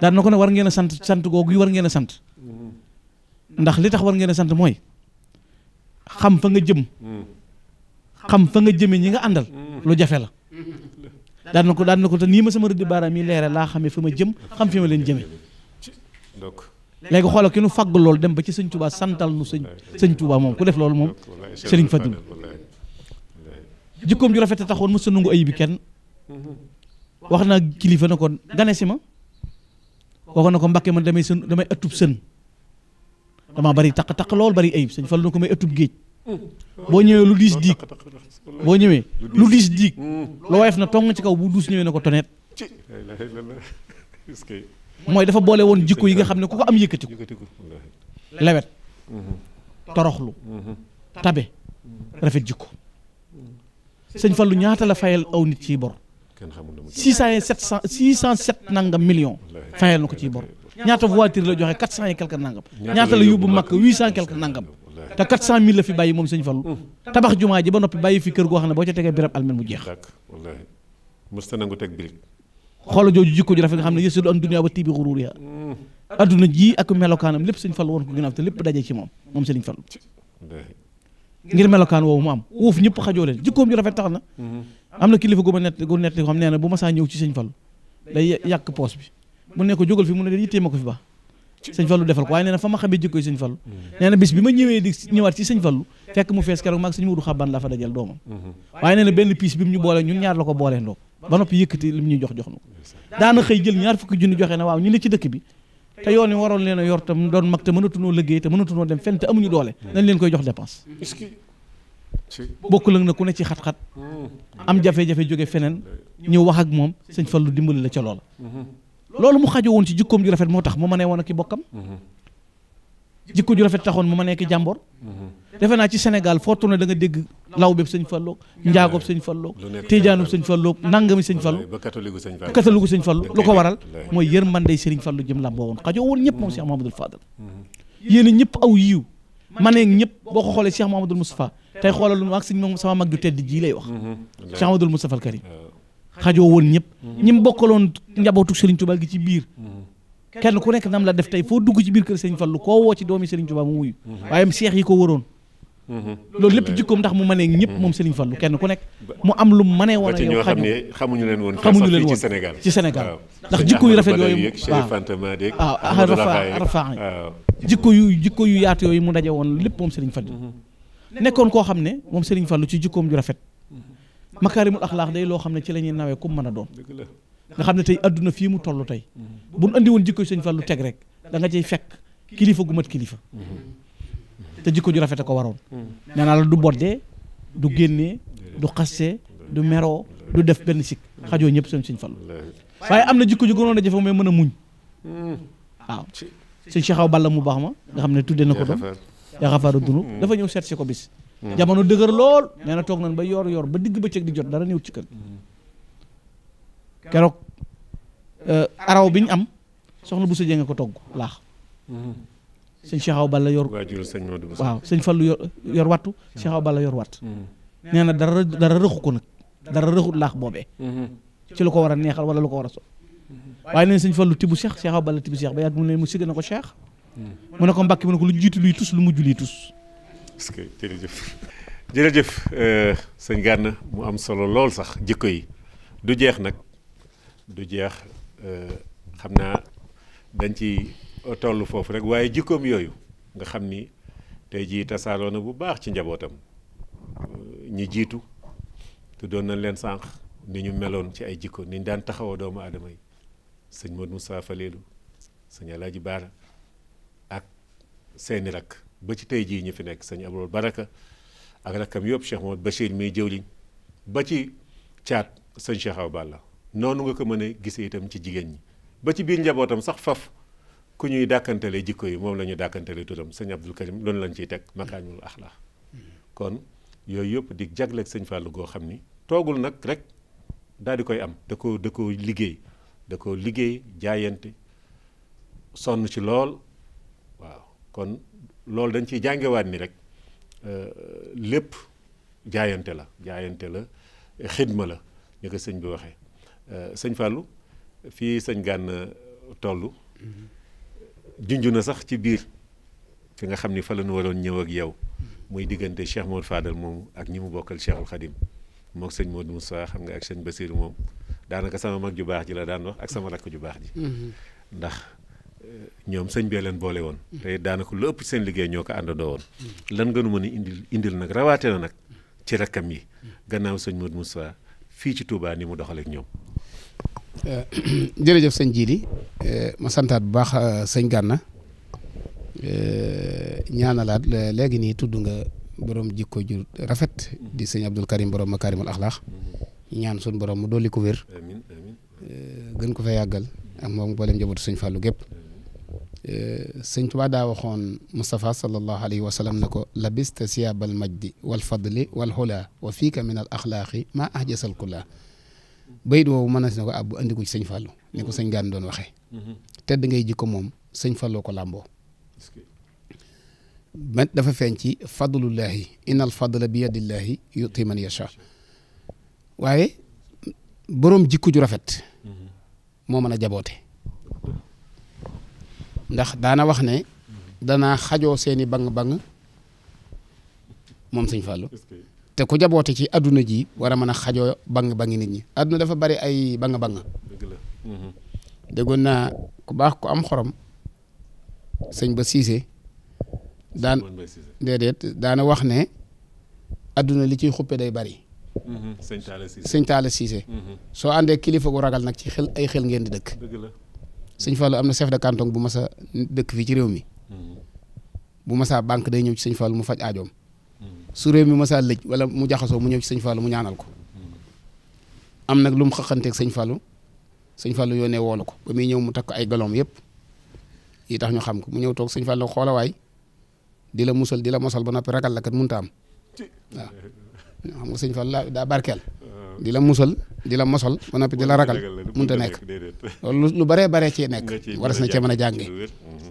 daan na ko ne war ngeen a sant sant googu yi war ngeen a sant ndax li tax war ngeen a sant mooy xam fa nga jëm xam fa nga jëme ñi nga àndal lu jafe la daan na ko daan na ko te nii ma sama rëdd baaraam yi leere laa xamee fi ma jëm xam fi ma leen jëme léegi xoolal ki nu fagg lool dem ba ci sëñ Touba santal nu sëñ sëñ moom ku def loolu moom sëriñ Fadil jikkoom ju rafet taxoon mësul nangu ayib kenn wax naa kilifa na ko gane si ma ko na ko mbakke ma damay sën damay ëttub sën damaa bari taq taq lool bari ayib sëñ Fallou na ko may ëttub géej boo ñëwee lu diis diig boo ñëwee lu diis diig mm. lu woyof na tong ci kaw bu duus ñëwee na ko tonet mooy dafa boole woon jikko yi nga xam ne ku ko am yëkkatiku lewet mm-hmm. toroxlu mm-hmm. tabe rafet jikko sëñ Fallou ñaata la fayal aw nit ciy bor six cent et sept cent six cent sept nangam million fayal na ko ciy bor ñaata voiture la joxe quatre cent et quelque nangam ñaata la yóbbu makk huit cent quelque nangam te 400000 la fi bàyyi moom sëñ Fallu mm. tabax jumaa ji ba noppi bàyyi fi kër goo xam ne boo ca tegee birab almel mu jeex wallaahi teg xoola jooju jikko ji rafet nga xam ne yësilu an dunya wa tibi mm. ji ak melokaanam lépp sëñ Fallu woon ko ginnaaw lépp daje ci moom moom sëñ Fallu ngir melokaan woowu mu am wuuf ñëpp xajoo leen jikkoom ju rafet tax na mm-hmm. am na kilifa gu ma nett gu nett xam nee na bu ma saa ñëw ci sëñ Fallu day yàq poos bi mu ne ko jógal fi mu ne yittee ma ko fi baax sëñ Fallu defal ko waaye nee na fa ma xamee jikkoy sëñ Fallu mm-hmm. nee na bis bi ma ñëwee di ñëwaat ci sëñ Fallu fekk mu fees keroog maag sëñ Mudu Xaban la fa dajal doomam mm-hmm. waaye nee benn piis bi mu ñu boole ñun ñaar la ko boolee ndoo ba noppi yëkkati li mu ñuy jox jox na ko daana xëy jël ñaar fukki junni joxe na waaw ñu ne ci dëkk bi te yoon yi waroon leen a yor tam doon mag te mënatunoo liggéey te mënatunoo dem fenn te amuñu doole mm-hmm. nañ leen koy jox dépense na ku ne ci xat-xat am jafe-jafe jóge feneen ñëw wax ak moom sëñ Fallu dimbali la ca loola loolu mu xajo woon ci jikkoom ju rafet moo tax mu mënee woon ak ki bokkam mm-hmm. jikko rafet taxoon mu mënee ki jàmboor mm-hmm. defe naa ci Sénégal foo tourné da nga dégg law bépp sëñ Fallou njaagob sëñ Fallou téejaanub sëñ Fallou nangami sëñ Fallou katoligu sëñ Fallou lu ko waral mooy yërmandey sëriñ Fallou jëm làmboo woon xajoo woon ñëpp moom mm-hmm. Cheikh Mahamadul Fadal yéen ñëpp aw yiw manee ñëpp boo ko xoolee Cheikh Mahamadul Moustapha tey xoolal lu mu ak sëñ moom sama mag ju tedd jii lay wax Cheikh Mahamadul xajoo woon ñëpp ñi mu bokkaloon njabootu Serigne Touba gi ci biir kenn ku nekk nam la def tey foo dugg ci biir kër Serigne Fallou koo woo ci doomi Serigne Touba mu wuyu waaye seex yi ko waroon loolu lépp jikkoom ndax mu mënee ñëpp moom Serigne Fallou kenn ku nekk mu am lu mënee woon ak xam xamuñu leen woon xamuñu leen woon ci Sénégal ndax jikko yu rafet yooyu waaw ah, rafa rafa jikko yu jikko yu yaatu yooyu mu daje woon lépp moom Serigne Fallou mhm. nekkoon koo xam ne moom Serigne fallu ci jikkoom ju rafet makaarimul axlaax day loo xam ne ci la ñuy nawee ku mën a doon nga xam ne tey adduna fii mu tollu tey bu nu andi woon jikko sëñ Fallu teg rek da nga cay fekk kilifa gu mat kilifa mm-hmm. te jikko ju rafete ko waroon mm-hmm. nee naa la du boddee du génnee du xaste du meroo du def benn sikk xajoo ñëpp seen sëñ Fallu waaye am na jikko ju gënoon a jafe mooy mën a muñ mm-hmm. waaw sëñ Cheikh Balla mu baax ma nga xam ne tuddee na ko doom yaa xafaaru dunub dafa ñëw seet si ko bis Mm. jamono dëgër lool nee na toog nañ ba yor yor ba digg bëccëg di jot dara néew ci kër mm. keroog euh, araw bi ñu am soxna bu sëjee nga ko togg laax mm. sëñ Cheikh Awa Balla yor waaw sëñ Fallu yor yor wattu Cheikh Awa Balla yor watt nee na dara dara rëxu ko nag dara rëxut laax boobee mm-hmm. ci lu ko war a neexal wala lu ko war a so mm-hmm. waaye nee na sëñ Fallu tibu Cheikh Cheikh Awa Balla tibu Cheikh ba yàgg mu ne mu sigg na ko Cheikh mu ne ko Mbàkke mu ne ko lu jiitu luy tus lu mujj luy tus parce que jërëjëf jërëjëf euh, sëñ Gana mu am solo lool sax jikko yi du jeex nag du jeex euh, xam naa dañ ci toll foofu rek waaye jikkoom yooyu nga xam ni tey jii tasaaroo na bu baax ci njabootam euh, ñi jiitu te doon nañ leen sànq ni ñu meloon ci ay jikko ni ñu daan taxawoo doomu aadama yi sëñ Modou Moussa Falelu sëñ Alaaji Baara ak seeni rakk ba ci tey jii ñu fi nekk sëñ Abdoul Baraka ak rakkam yëpp Cheikh ba Bachir miy jëwriñ ba ci caat sëñ Cheikh Awa Balla noonu nga ko mën a itam ci jigéen ñi ba ci biir njabootam sax faf ku ñuy dàkkantale jikko yi moom la ñu dàkkantale turam sëñ Abdul Karim loolu lañ ciy teg makaanul axlaa kon yooyu yëpp di jagleeg sëñ Fallou goo xam ni toogul nag rek daal di koy am da koo da ko liggéey da koo liggéey jaayante sonn ci lool waaw kon loolu dañ ciy jàngewaat ni rek euh, lépp jaayante la jaayante la xidma la ñu ko sëñ bi waxee euh, sëñ Fallou fii sëñ Gana euh, toll junj na sax ci biir fi nga xam ni fa la ñu waroon ñëw ak yow muy diggante Cheikh Mor Fadal moomu ak ñi mu bokkal Cheikhul Khadim mook sëñ Modou Moussa xam nga ak sëñ Basir moom daanaka sama mag ju baax ji la daan wax ak sama rakk ju baax ji mm-hmm. ndax ñoom sëñ bee leen boole woon. Mm. tey daanaka lu ëpp seen liggéey ñoo ko àndandoo woon. lan nga nu mën indil nag rawaate na nag ci rakkam yi. gannaaw sëñ Modou Moussa fii ci Touba ni mu doxaleek ñoom. Eh, jërëjëf sëñ Jili eh, ma santaat bu baax eh, sëñ Gànna ñaanalaat léegi nii tudd nga borom jikko ju rafet di sëñ Abdul Karim borom makaarimul axlaax mm-hmm. ñaan suñu borom mu dolli ko wér. gën ko fa yàggal ak moom mboolem njabootu sëñ Fallou gépp Eh, sëñ Tuubaa daa waxoon Moustapha sallallahu alayhi wa sallam ne ko labista siyaabal majdi wal fadli wal xulaa wa fiika min al axlaaqi maa ahjasal kulaa bayit woowu mën na si ne ko àbbu andi ko ci sëñ ni ko sëñ Gane doon waxee. tedd ngay jikko moom sëñ Fallou ko làmboo. man dafa feeñ ci fadlullahi innal fadla bi yadillahi yuti man yasha waaye boroom jikko ju rafet. moo mën a jaboote. ndax daana wax ne danaa xajoo seeni bang-bang moom sëñ Fallou te ku jaboote ci adduna ji war a mën a xajoo bang-bangi nit ñi adduna dafa bari ay bang-bang mhm. déggoon naa ku baax ku am xorom sëñ ba siise daan déedéet daana wax ne adduna li ciy xuppe day bari mhm. sëñ Talla Cissé mhm. soo àndee kilifa gu ragal nag ci xel ay xel ngeen di dëkk. dëgg la sëñ Fallou am na chef de canton bu masa dëkk fii ci réew mi mm-hmm. bu masaa banque day ñëw ci sëñ Fallou mu faj aajoom mm-hmm. su réew mi masaa lëj wala mu jaxasoo mu ñëw ci sëñ Fallou mu ñaanal ko mm-hmm. am nag lu mu xaqanteeg sëñ Fallou sëñ Fallou yónnee woolu ko ba muy ñëw mu takk ay galom yëpp yi tax ñu xam ko mu ñëw toog sëñ Fallou xoolawaay di la musal di la mosal ba noppi ragal la kat mënta am waaw xam nga sëñ Fallou daa barkeel ah. di la musal di la mosol ba noppi di la ragal mënut ta nekk lu baree baree cee nekk waras na cee mën a jànge mhm.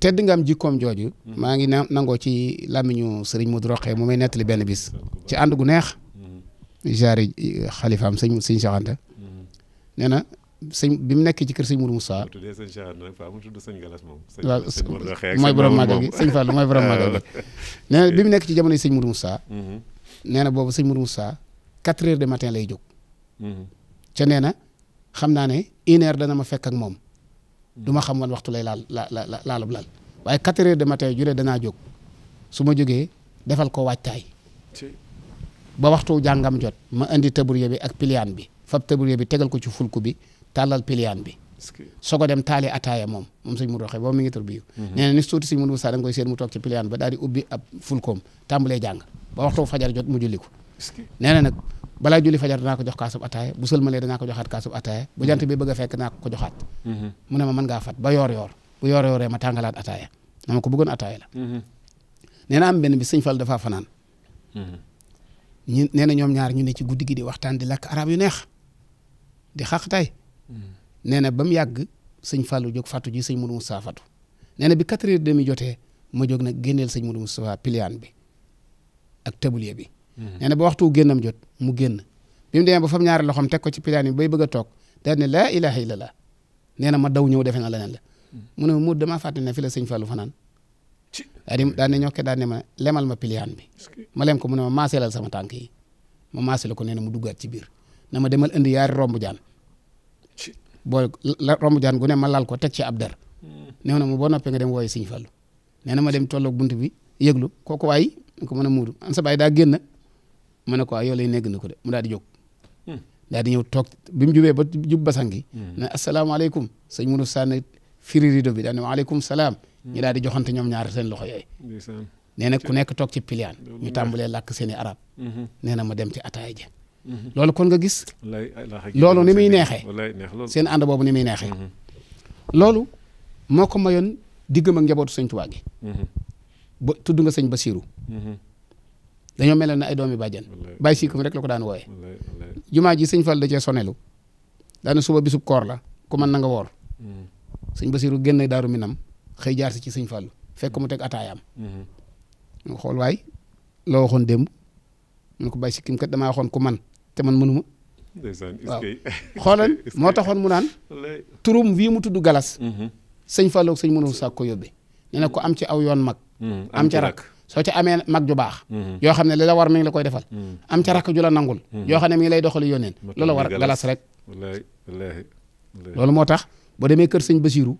tedd nga am jikkoom jooju mhm. maa ngi nangoo ci làmmiñu sëriñ Modou Roqee mu may nettali benn bis ci ànd gu neex mhm. jaari eh, xalifaam sëñ sëñ Cheikh Anta na sëñ bi mu nekk ci kër sëñ Mourou Moussa waaw mooy borom boobu gi sëñ Fallou mooy borom màggal gi nee na bi mu nekk ci jamono sëñ Mourou Moussa nee na boobu sëñ Mourou Moussa quatre heures de matin lay jóg ca nee na xam naa ne une heure dana ma fekk ak moom du ma xam wan waxtu lay laal la la laalub lal waaye quatre heures de matin jure danaa jóg su ma jógee defal ko waajtaay ba waxtu jàngam jot ma indi taburiya bi ak piliyaan bi fab taburiya bi tegal ko ci fulku bi tàllal piliyaan bi sogo dem taali ataaya moom moom sëñ mu doxee boobu mi ngi tur biyu mhm. nee na ni suuti sëñ Mourou Moussa da nga koy seen mu toog ci piliyaan ba daa di ubbi ab fulkoom tàmbalee jàng ba waxtu fajar jot mu julli ko balaa julli fajar danaa ko jox kaasub ataaya bu sëlmalee danaa ko joxaat kaasub ataaya bu jant bi bëgg a fekk danaa ko joxaat mm-hmm. mu ne ma mën ngaa fat ba yoor yoor bu yoor yooree ma tàngalaat ataaya na ma ko mm-hmm. nee na am bi sëñ Fall dafaa fanaan mm-hmm. nee na ñoom ñaar ñu ne ci guddi gi di waxtaan di lakk arab yu neex di xaqtay nee na ba mu yàgg sëñ Fallu jóg fàttu ji sëñ Mourou Moustapha fàttu nee na bi quatre heures demi jotee ma jóg nag génneel sëñ Mourou Moustapha piliane bi ak tablier bi Mhm. nee na ba waxtu génnam jot mu génn bi mu demee fam ñaari loxoom teg ko ci pilaan yi bay bëgg a toog daal ne laa ilaha illallah nee na ma daw ñëw defe na leneen la mhm. mu ne mu damaa fàtte ne fi la sëñ Fallou fanaan daa di daa ne ñokke daa ma lemal ma pilaan bi ma lem ko mu ne ma maaseelal sama tànk yi ma maase ko nee mu duggaat ci biir na ma demal indi yaari romb jaan booy la romb jaan gu ne ma lal ko teg ci ab der hmm. na mu boo noppee nga dem wooye sëñ Fallou nee na ma dem tolloog bunt bi yëglu kooku waay ko mën a muudu an sa baay daa mu ne ko ah, yow yi negg na ko de mu daal di jóg hmm. daal di ñëw toog bi mu jubee ba jub basangi hmm. ne asalaamaaleykum sëñ Mourou Sane firi rido bi daal ne waaleykum salaam hmm. ñu daal di joxante ñoom ñaar seen loxo yooyu nee na ku nekk toog ci piliyaan ñu tàmbalee lakk seeni i arab nee na ma dem ci ataay ja loolu kon nga gis loolu ni muy neexee seen ànd boobu ni muy neexee loolu moo ko mayoon diggam ak njabootu sëñ Tuubaa gi ba tudd nga sëñ Basiiru dañoo meloon na ay doomi bàjjan bàyyi siikum rek la ko daan wooye jumaa ji sëñ fal da cee sonelu daana suba bisub koor la ku mën na nga woor mm. sëñ Basiru génn daaru minam xëy jaar si ci sëñ Fall fekk mu teg ataayaam nga mm-hmm. xool waay la waxoon démb mu ne ko bàyyi sikkim kat damaa waxoon ku man te man mënuma waaw xoolal moo taxoon mu naan turum wii mu tudd galas mm-hmm. sëñ Fall sëñ mënul sàkk ko yóbbe ne na ko am ci aw yoon mag mm-hmm. am ca rak soo ci amee mag ju baax mhm. yoo xam ne li la war mi ngi la koy defal mhm. am ca rakk ju la nangul mhm. yoo xam ne mi ngi lay doxali yónneen loola war galas rek loolu moo tax boo demee kër sëñ basiiru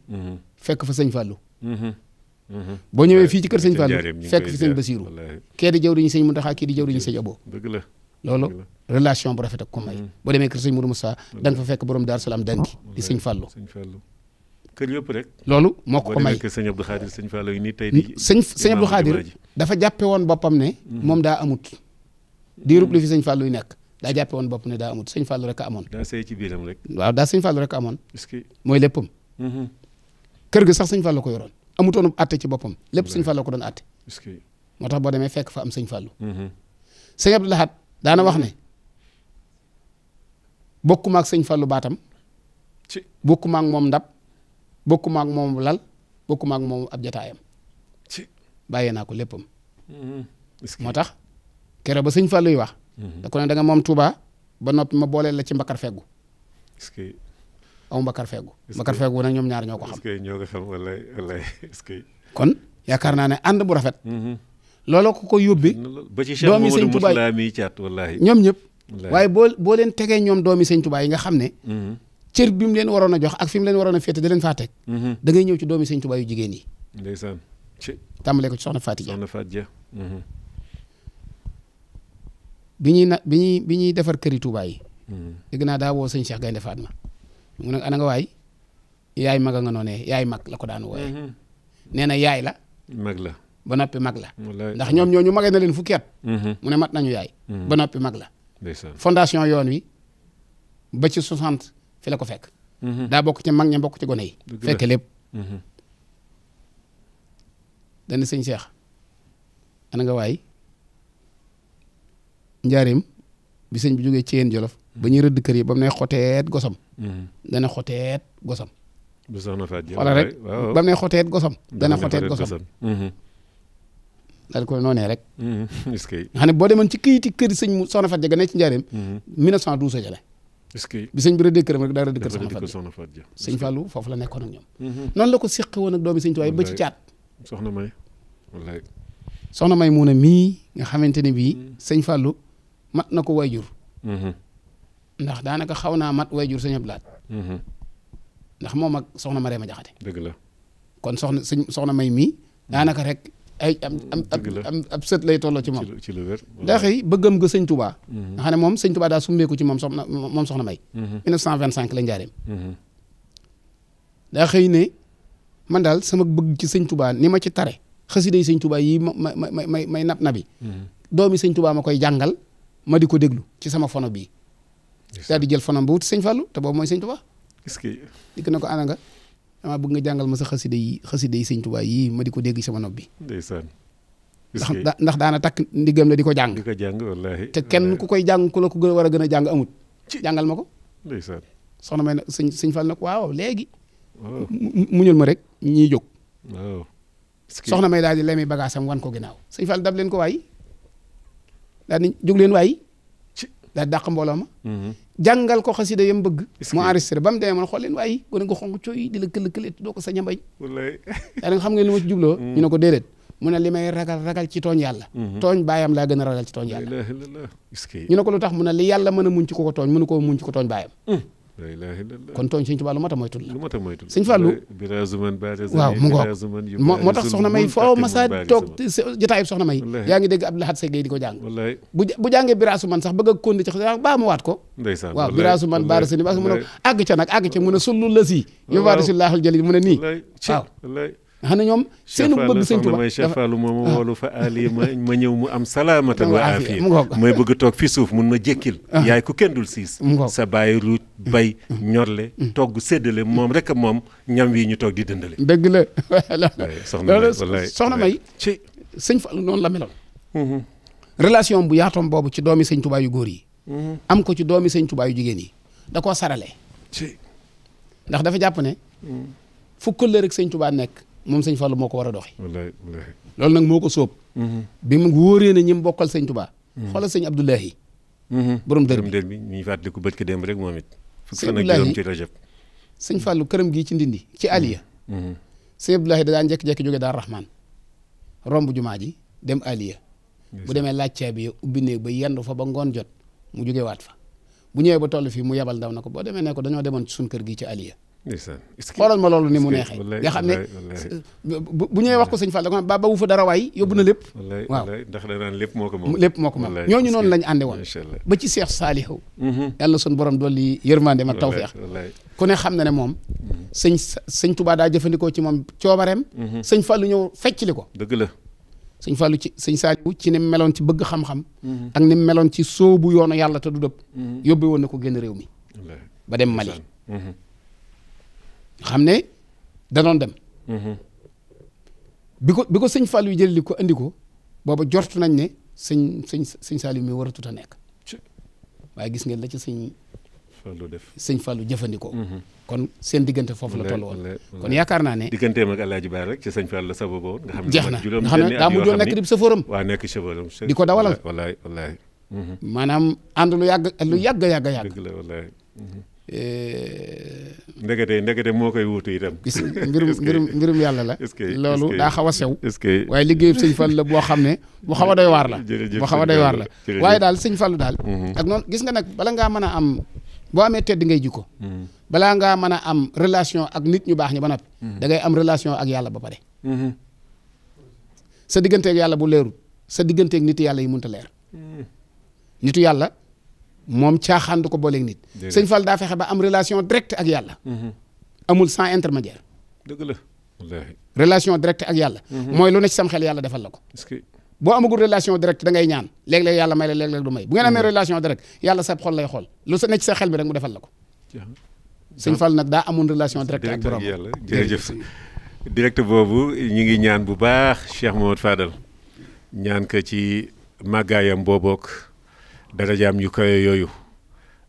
fekk fa sëñ Fàllu ñëwee fii ci kër sëñ Fàllu fekk a sëñ Basiru kee di jëwriñu sëñ Muntaxa kii di jëwriñu sëñ Abo loolu relation bu rafet ak ku boo demee kër sëñ Mourou Moussa da nga fa fekk borom Daaru Salaam danki di sëñ Fàllu kër yëpp rek. loolu moo ko ko may boo sëñ Abdou Khadir sëñ Fallou nii tey di. sëñ sëñ Abdou Khadir dafa jàppe woon boppam ne. Mhm. moom daa amut. diirub mhm. li fi sëñ Fallou nekk daa jàppe woon boppam ne daa amut sëñ Fallou rek a amoon. daa sëy ci biiram rek. waaw daa sëñ Fallou rek a amoon. est-ce que mooy léppam. Mhm. kër gi sax sëñ Fallou ko yoroon amutoon atte ci boppam lépp sëñ Fallou ko doon atte. est-ce que moo tax boo demee fekk fa am sëñ Fallou. sëñ Abdou Lahad daana wax ne bokkuma ak sëñ Fallou baatam. ci bokkuma ak moom ndab bokkuma ak moom lal bokkuma ak moom ab jataayam bàyyee naa ko léppam mm-hmm. moo tax kere ba sëñ Fallou wax mm-hmm. da ko ne moom Touba ba noppi ma booleel la ci mbakar feggu aw mbakar feggu mbakar feggu nag ñoom ñaar ñoo ko xam ñoo ko xam kon yaakaar naa ne ànd bu rafet mm-hmm. looloo ko ko yóbbi doomi sëñ Touba ñoom ñëpp waaye boo boo leen tegee ñoom doomi sëñ Touba yi nga xam ne cër bi mu leen waroon a jox ak fi mu leen waroon a féete da faa teg mhm. da ñëw si doomi sëñ Tuubaa yu jigéen yi ndeysaan tàmbalee ko soxna Faati Dia soxna Faati mhm. bi ñuy nag bi ñuy bi ñuy defar këri Tuubaa yi mhm. dégg naa daa woo sëñ Cheikh Gaynde Fatma mu ne ana nga waay yaay mag a nga noonee yaay mag la ko daan wooye nee na yaay la mag la ba noppi mag la ndax ñoom ñoo ñu magee na leen fukki at mu ne mat nañu yaay ba noppi mag la fondation yoon wi ba ci soixante fi la ko fekk. Mhm. daa bokk ci mag ña bokk ci gone yi. fekke lépp. Mhm. dana sëñ Cheikh ana nga waay njaarim bi sëñ bi jógee Thiène Jolof. ba ñuy rëdd kër yi ba mu ne xoteet gosam. Mhm. dana xoteet gosam. bu soxna Fatou xoolal ba mu ne xoteet gosam. dana xoteet gosam. daal ko noonee rek. est-ce que. xam boo demoon ci këyiti kër sëñ mu soxna Fatou Diagne nekk ci njaarim. 1912 a jëlee. est-ce que bi sëñ bi rëddee këram rek daa rëdd kër soxna Faat Ja sëñ Fallou foofu la nekkoon ak ñoom mhm. noonu la ko séq woon ak doomi sëñ Tuubaa ba ci caat soxna may wallaay soxna mu ne mii nga xamante ne bii mhm. sëñ Fallou mat na ko jur mhm. ndax daanaka xaw naa mat jur sëñ Ablaat ndax moom ak soxna Marema Jaxate la kon soxna sëñ soxna may mii daanaka rek ay am am am ab sët lay tolloo ci moom daa xëy bëggam ga sëñ Touba mhm. nga xam ne moom sëñ Touba daa sumbeeku ci moom soxna moom soxna May 1925 mhm. la njaareem mhm. daa xëy ne man daal sama bëgg ci sëñ Touba ni ma ci tare xasida yi sëñ Touba yi ma ma may may nab nabi doomi sëñ Touba ma koy jàngal ma di ko déglu ci sama fono bii daal di jël fonom ba wut sëñ Fallou te boobu mooy sëñ Touba est na ko ana damaa bëgg nga jàngal ma sa xasida yi xasida yi sëñ Tuubaa yii ma di ko dégg sama nopp bi ndeysaan ndax ndax daana takk ndigam la di ko jàng di ko jàng te kenn ku koy jàng ku la ko gën war a gën a jàng amut jàngal ma ko ndeysaan soxna may na sëñ sëñ Fall nag waaw léegi muñul ma rek ñii jóg waaw soxna may daal di lemi bagage am wan ko ginnaaw sëñ Fall dab leen ko waay daal di jóg leen waay daal di dàq jàngal ko xasida yam bëgg mu enregistré ba mu demee man xool leen waaye gone gu xonq cooy di la këll këll doo ko sa ñambañ wallaay xam ngeen li ma ci jubloo mm. ñu ne ko déedéet mu ne li may ragal ragal ci tooñ yàlla mm-hmm. tooñ baayam laa gën a ragal ci tooñ yàlla ñu ne ko lu tax mu ne li yàlla mën a muñ ci ko ko tooñ mënu koo muñ ci ko tooñ baayam mm. kon tooñ sëñ Tuubaa lu mat a moytul la lu mat a moytul sëñ Fallou waaw mu ngoog moo soxna may foo masa toog jotaayib soxna may yaa ngi dégg Abdoulahat Sey Gueye di ko bu bu jàngee man sax bëgg a kondi ci baa mu waat ko waaw biraasu man baara seni ba mun a àgg mun a sullu la si yóbbaatu si laaxul jëli mun a nii waaw nga xam ne ñoom seen bëgg sëñ Tuubaa Cheikh Fallou moom ah. ma mooy bëgg toog fi suuf mun ma jékkil ah. yaay ku kenn dul siis sa bàyyi ruuj mm. bay mm. ñorle mm. togg séddale moom rek moom ñam wi ñu toog di dëndale dëgg la soxna soxna may sëñ Fallou mm-hmm. bu yaatoom boobu ci doomi sëñ Tuubaa yu góor yi mm-hmm. am ko ci doomi sëñ Tuubaa yu jigéen yi da koo sarale ndax dafa jàpp ne fu këllë rek sëñ Tuubaa nekk moom sëñ Fallou moo ko war a doxi loolu nag moo ko sóob mm-hmm. bi mu wóoree ne ñi mu bokkal sëñ Touba mm-hmm. xoolal sëñ Abdoulahi mm-hmm. borom dër bi ñu fàttali ko bëj ko démb rek moom it fukki fan ak juróom ci këram gii ci ndindi ci aliya sëñ Abdoulahi da daa njekki-jekki jóge daal rahman romb jumaa ji dem aliya bu demee laajcaa bi ubbi néeg ba yendu fa ba ngoon jot mu jógewaat fa bu ñëwee ba toll fii mu yabal ndaw na ko boo demee ne ko dañoo demoon ci suñ kër gii ci aliya xoolal ma loolu ni mu neexee nga xam ne bu ñëwee wax ko sëñ Fall da ko ba fa dara waay na lépp waaw ndax da naan lépp moo ko moom lépp moo ko moom ñooñu noonu lañ ànde woon ba ci Seex Saalihu mhm. yàlla sun borom dolli yërmande mag tawfeex ku ne xam na ne moom mhm. sëñ sëñ Tuubaa daa jëfandikoo ci moom coobareem mhm. sëñ Fallu ñëw feccli ko dëgg la sëñ Fallu ci sëñ Saalihu ci ni meloon ci bëgg xam-xam ak ni mu meloon ci soobu yoonu yàlla te du dëpp yóbbe woon na ko génn réew mi ba dem Mali xam ne danoon dem. Mm-hmm. bi ko bi ko sëñ Fallou jël li ko andi boobu booba jortu nañ ne sëñ sëñ sëñ Saliou mi waratut a nekk. waaye gis ngeen la ci sëñ. Fallou def sëñ Fallou jëfandikoo. Mm-hmm. kon seen diggante foofu la toll woon. kon yaakaar naa ne. digganteem ak El Hadj Baar rek ci sëñ Fallou la sababoo. nga xam ne jeex na nga xam ne daa mujjoon nekk di sëfooram. waaw nekk sëfooram di ko dawalal wallaay mm-hmm. maanaam ànd lu yàgg lu yàgg yàgg yàgg. dëgg la Eh, ndegete ndegete moo koy wuutu itam. gis mbirum mbirum mbirum yàlla la. loolu daa xaw a sew. waaye liggéeyub sëñ Fall la boo xam ne bu xaw a waar la. bu xaw a doy waar la waaye daal sëñ Fallu daal. Mhm. ak noonu gis nga nag bala ngaa man a am boo amee tedd ngay jikko. Mhm. balaa ngaa mën a am relation ak nit ñu baax ñi ba noppi. Mhm. da ngay am relation ak yàlla ba pare. sa digganteeg yàlla bu leerul sa digganteeg nit yàlla yi mënut a leer. nitu yàlla. moom caaxaan du ko booleeg nit. sëñ Fall daa fexe ba am relation direct ak yàlla. Mm-hmm. amul sans intermédiaire. dëgg la wallaahi relation ak yàlla. Mm-hmm. mooy lu ne sam xel yàlla defal la ko. boo amagul relation directe da ngay ñaan léeg-léeg yàlla may la léeg-léeg du may bu ngeen amee mm-hmm. relation directe yàlla sa xol lay xool lu sa ne ci sa xel bi rek mu defal la ko. sëñ Fall nag daa amoon relation directe ak borom yàlla jëf direct boobu ñu ngi ñaan bu baax Cheikh Mouhamed Fadal ñaan ko ci màggaayam boobook darajaam yu kawe yooyu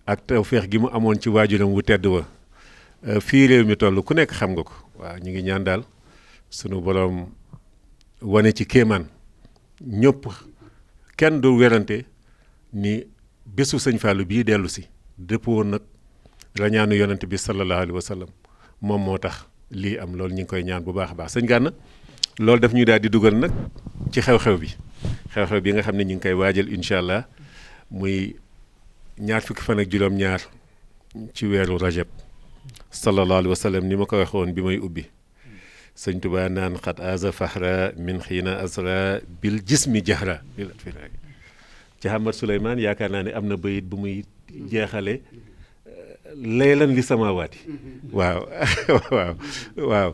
ak tawféex gi mu amoon ci waajuram wu tedd wa euh, fii réew mi toll ku nekk xam nga ko waaw ñu ngi ñaan daal sunu boroom wane ci kéemaan ñëpp kenn du werante ni bésu sëñ Fallou bii dellu si dëppoo nag rañaanu yonent bi sallallahu alayhi wa sallam moom moo tax lii am loolu ñu ngi koy ñaan bu baax a baax sëñ Gana loolu daf ñuy daal di dugal nag ci xew-xew bi xew-xew bi nga xam ne ñu ngi koy waajal incha allah. muy ñaar fukki fan ak juróom-ñaar ci weeru rajab sallallahu alayhi ni ma ko waxoon bi may ubbi sëñ Tuba naan xat aza fahra min xiina asra bil jismi jahra ci Ahmad Souleymane yaakaar naa ne am na bayit bu muy jeexale laylan li samaawaati waaw waaw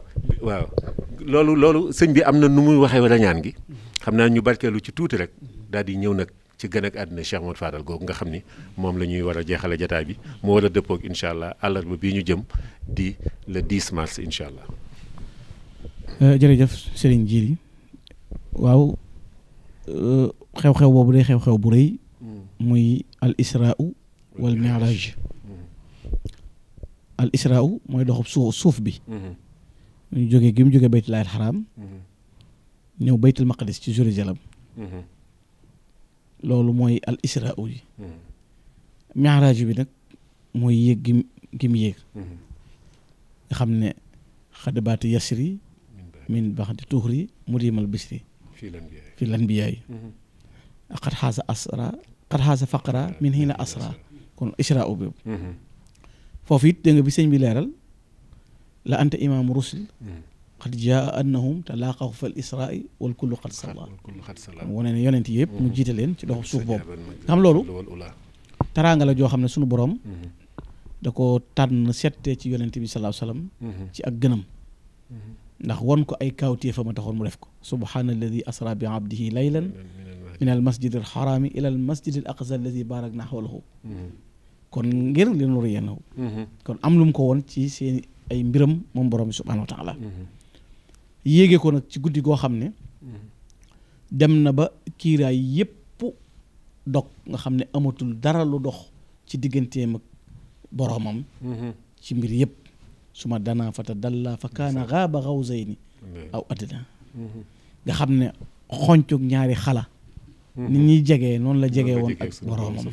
loolu loolu sëñ bi am na nu muy waxee wala gi xam naa ñu barkeelu ci tuuti rek daal di ñëw nag ci gën ak àddina Cheikh Modou Fadal googu nga xam ni moom la ñuy war a jeexale jataay bi mu war a dëppoog incha allah àllarba bii ñu jëm di le 10 mars incha allah. Euh, jërëjëf Serigne Djily waaw euh, xew-xew boobu day xew-xew bu rëy hmm. muy al israa'u wal mi'raj hmm. al israa'u mooy doxub suuf suuf bi. ñu hmm. jógee gi mu jógee baytul laahil xaraam ñëw baytul maqdis ci Jérusalem. loolu mooy al isra yi hmm. mi'raaj bi nag mooy yéeg gim gim yéeg hmm. nga xam ne xadabaati yasri min baxdi tuxri murimal bisri fi lan bi a xat xaasa asra xat xaasa faqra min xiina asra kon isra u hmm. foofu it dégg bi sëñ bi leeral la anta imaamu rusul xad jaa annahum talaaqaw fal israai wal kullu xad salla wane ne yonent yëpp mu jiite leen ci doxu suuf boobu xam loolu taraanga la joo xam ne sunu borom mm-hmm. da ko tànn settee ci yonent bi salaahu salaam mm-hmm. ci ak gënam mm-hmm. ndax won ko ay kawtéefa ma taxoon mu def ko subhaana alladi asra bi abdihi laylan min al masjid al xaraami ila al masjid al aqsa alladi barak na xawlahu kon ngir li nuru yennahu kon am lu mu ko woon ci seen ay mbiram moom borom bi subhaanahu wa taala yéege ko nag ci guddi goo xam ne dem na ba kiiraay yépp dog nga xam ne amatul dara lu dox ci diggante ak boroomam mhm. ci mbir yépp su ma danaa fata dalla fa kaana xaaba xawsayni aw adna mhm. nga xam ne xoncoog ñaari xala mhm. ni ñuy jegee noonu la jege woon ak boroomam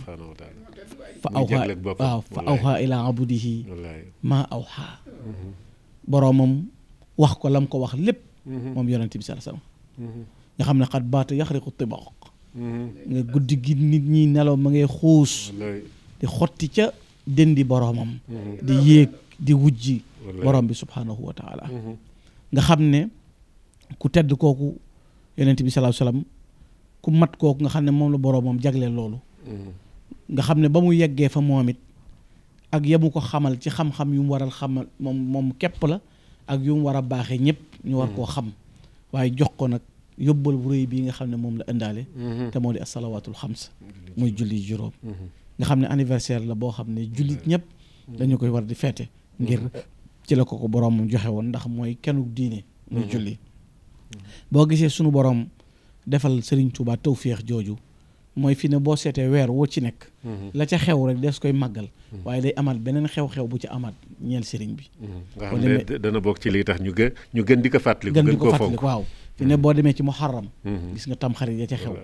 fa awxa waaw fa awxa ilaa abudihi maa boroomam wax ko lam ko wax lépp mhm. moom yonent bi sallallahu alayhi wasallam mhm. nga xam ne xat baata yaxriqu tibaq mhm. nga guddi gi nit ñi nelaw ma ngay xuus di xotti ca dëndi boroomam di yéeg di wujji borom bi subhaanahu wa nga xam ne ku tedd kooku yonent bi sallallahu alayhi ku mat kooku nga xam ne moom la boroomam jagleel loolu nga xam ne ba mu yeggee fa moom it ak yamu ko xamal ci xam-xam yu mu waral xamal moom moom képp la ak yu mu war a baaxee ñëpp ñu war koo xam waaye jox ko nag yóbbal bu bi bii nga xam ne moom la ëndaale mhm. te moo di asalawaatul xams mhm. muy julli juróom mhm. nga xam ne anniversaire la boo xam ne jullit ñëpp dañu koy war di feete ngir ci la ko ko boroom joxe woon ndax mooy kennu diine muy julli boo gisee sunu borom defal Serigne Touba tawféex jooju mooy fi ne boo seetee weer woo ci nekk mhm. la ca xew rek des koy màggal mhm. waaye day amaat beneen xew-xew bu ci amaat ñeel sëriñ bi mhm. nga xam ne dana bokk ci lii tax ñu gën ñu gën di ko fàttali gën di ko fàttali waaw fi ne boo demee ci muharram gis nga tamxarit ya ca xew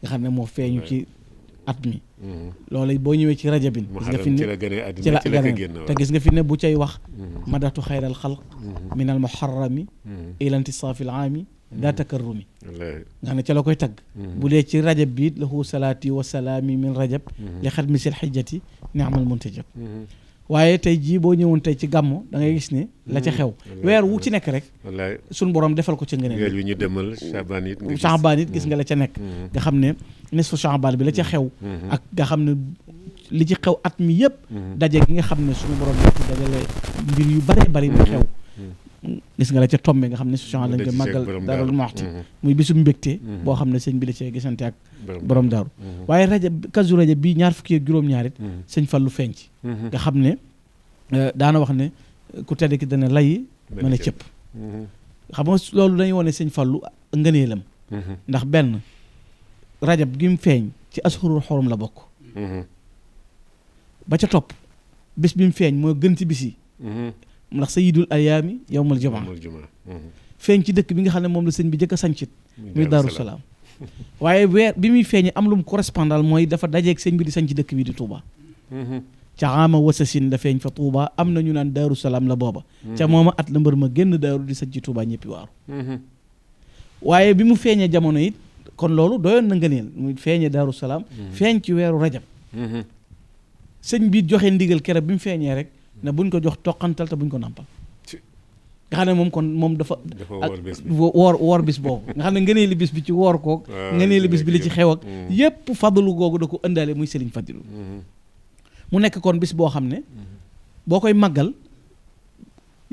nga xam ne moo feeñu ci at mi loolu boo ñëwee ci rajabin gis nga fi ne te gis nga fi ne bu cay wax madatu xayral xalq min al muharrami ilantisaafil aami daa takarrumi nga xam ne ca la koy tagg mhm. bu dee ci rajab bi lahu salaati wa salaami min rajab mhm. li xat misil xijjati ni amal muntajab mhm. waaye tey jii boo ñëwoon tey ci gàmmu da ngay gis ne la ca xew weer wu ci nekk rek sunu borom defal ko ci ngëneel weer wi ñu demal saabaan gis nga la ca nekk nga xam ne nisfu saabaan bi la ca xew ak nga xam ne li ci xew at mi yëpp daje gi nga xam ne suñu borom la ci dajale mbir yu bare bari mu xew gis nga la ca tombe nga xam ne sution lañ koy màggal daarul moxti mm-hmm. muy bisum mbégte mm-hmm. boo xam ne sëñ bi la cee gisante ak borom daal mm-hmm. waaye rajab kazu rajab bi ñaar fukki ak juróom-ñaarit sëñ Fallu fenc nga xam ne euh, daana wax ne ku tedd dana lay mën a cëpp xam nga loolu dañuy wane sëñ Fallu ngëneelam ndax benn rajab gi mu feeñ ci asxurul xorom la bokk ba ca topp bis bi mu feeñ moo gën ci bis yi ndax sayyidul ayaami yowmal jumaa mhm. feeñ ci dëkk bi nga xam ne moom la sëñ bi jëkk a sañcit muy daaru salaam waaye weer bi muy feeñee am lu mu correspondal mooy dafa dajeek sëñ bi di sañc dëkk bi di Touba. Mhm. ca xaama wasasin la feeñ fa tuubaa am na ñu naan daaru salaam la booba mhm. ca mooma at la mbër ma génn daaru di sañc Touba ñëppi waaru waaye bi mu feeñee jamono it kon loolu doyoon na ngëneel muy feeñee daaru salaam feeñ ci weeru rajab sëñ bi joxe ndigal kere bi mu feeñee rek ne buñ ko jox toqantal te buñ ko nàmpal nga xam ne moom kon moom dafa woor woor bis boobu nga xam ne ngënee li bis bi ci woor koog ah, ngënee li bis bi li ci xew ak mm. yépp fadlu googu da ko ëndaale muy sëriñ fadilu mm-hmm. mu nekk kon bis boo xam ne mm-hmm. boo koy maggal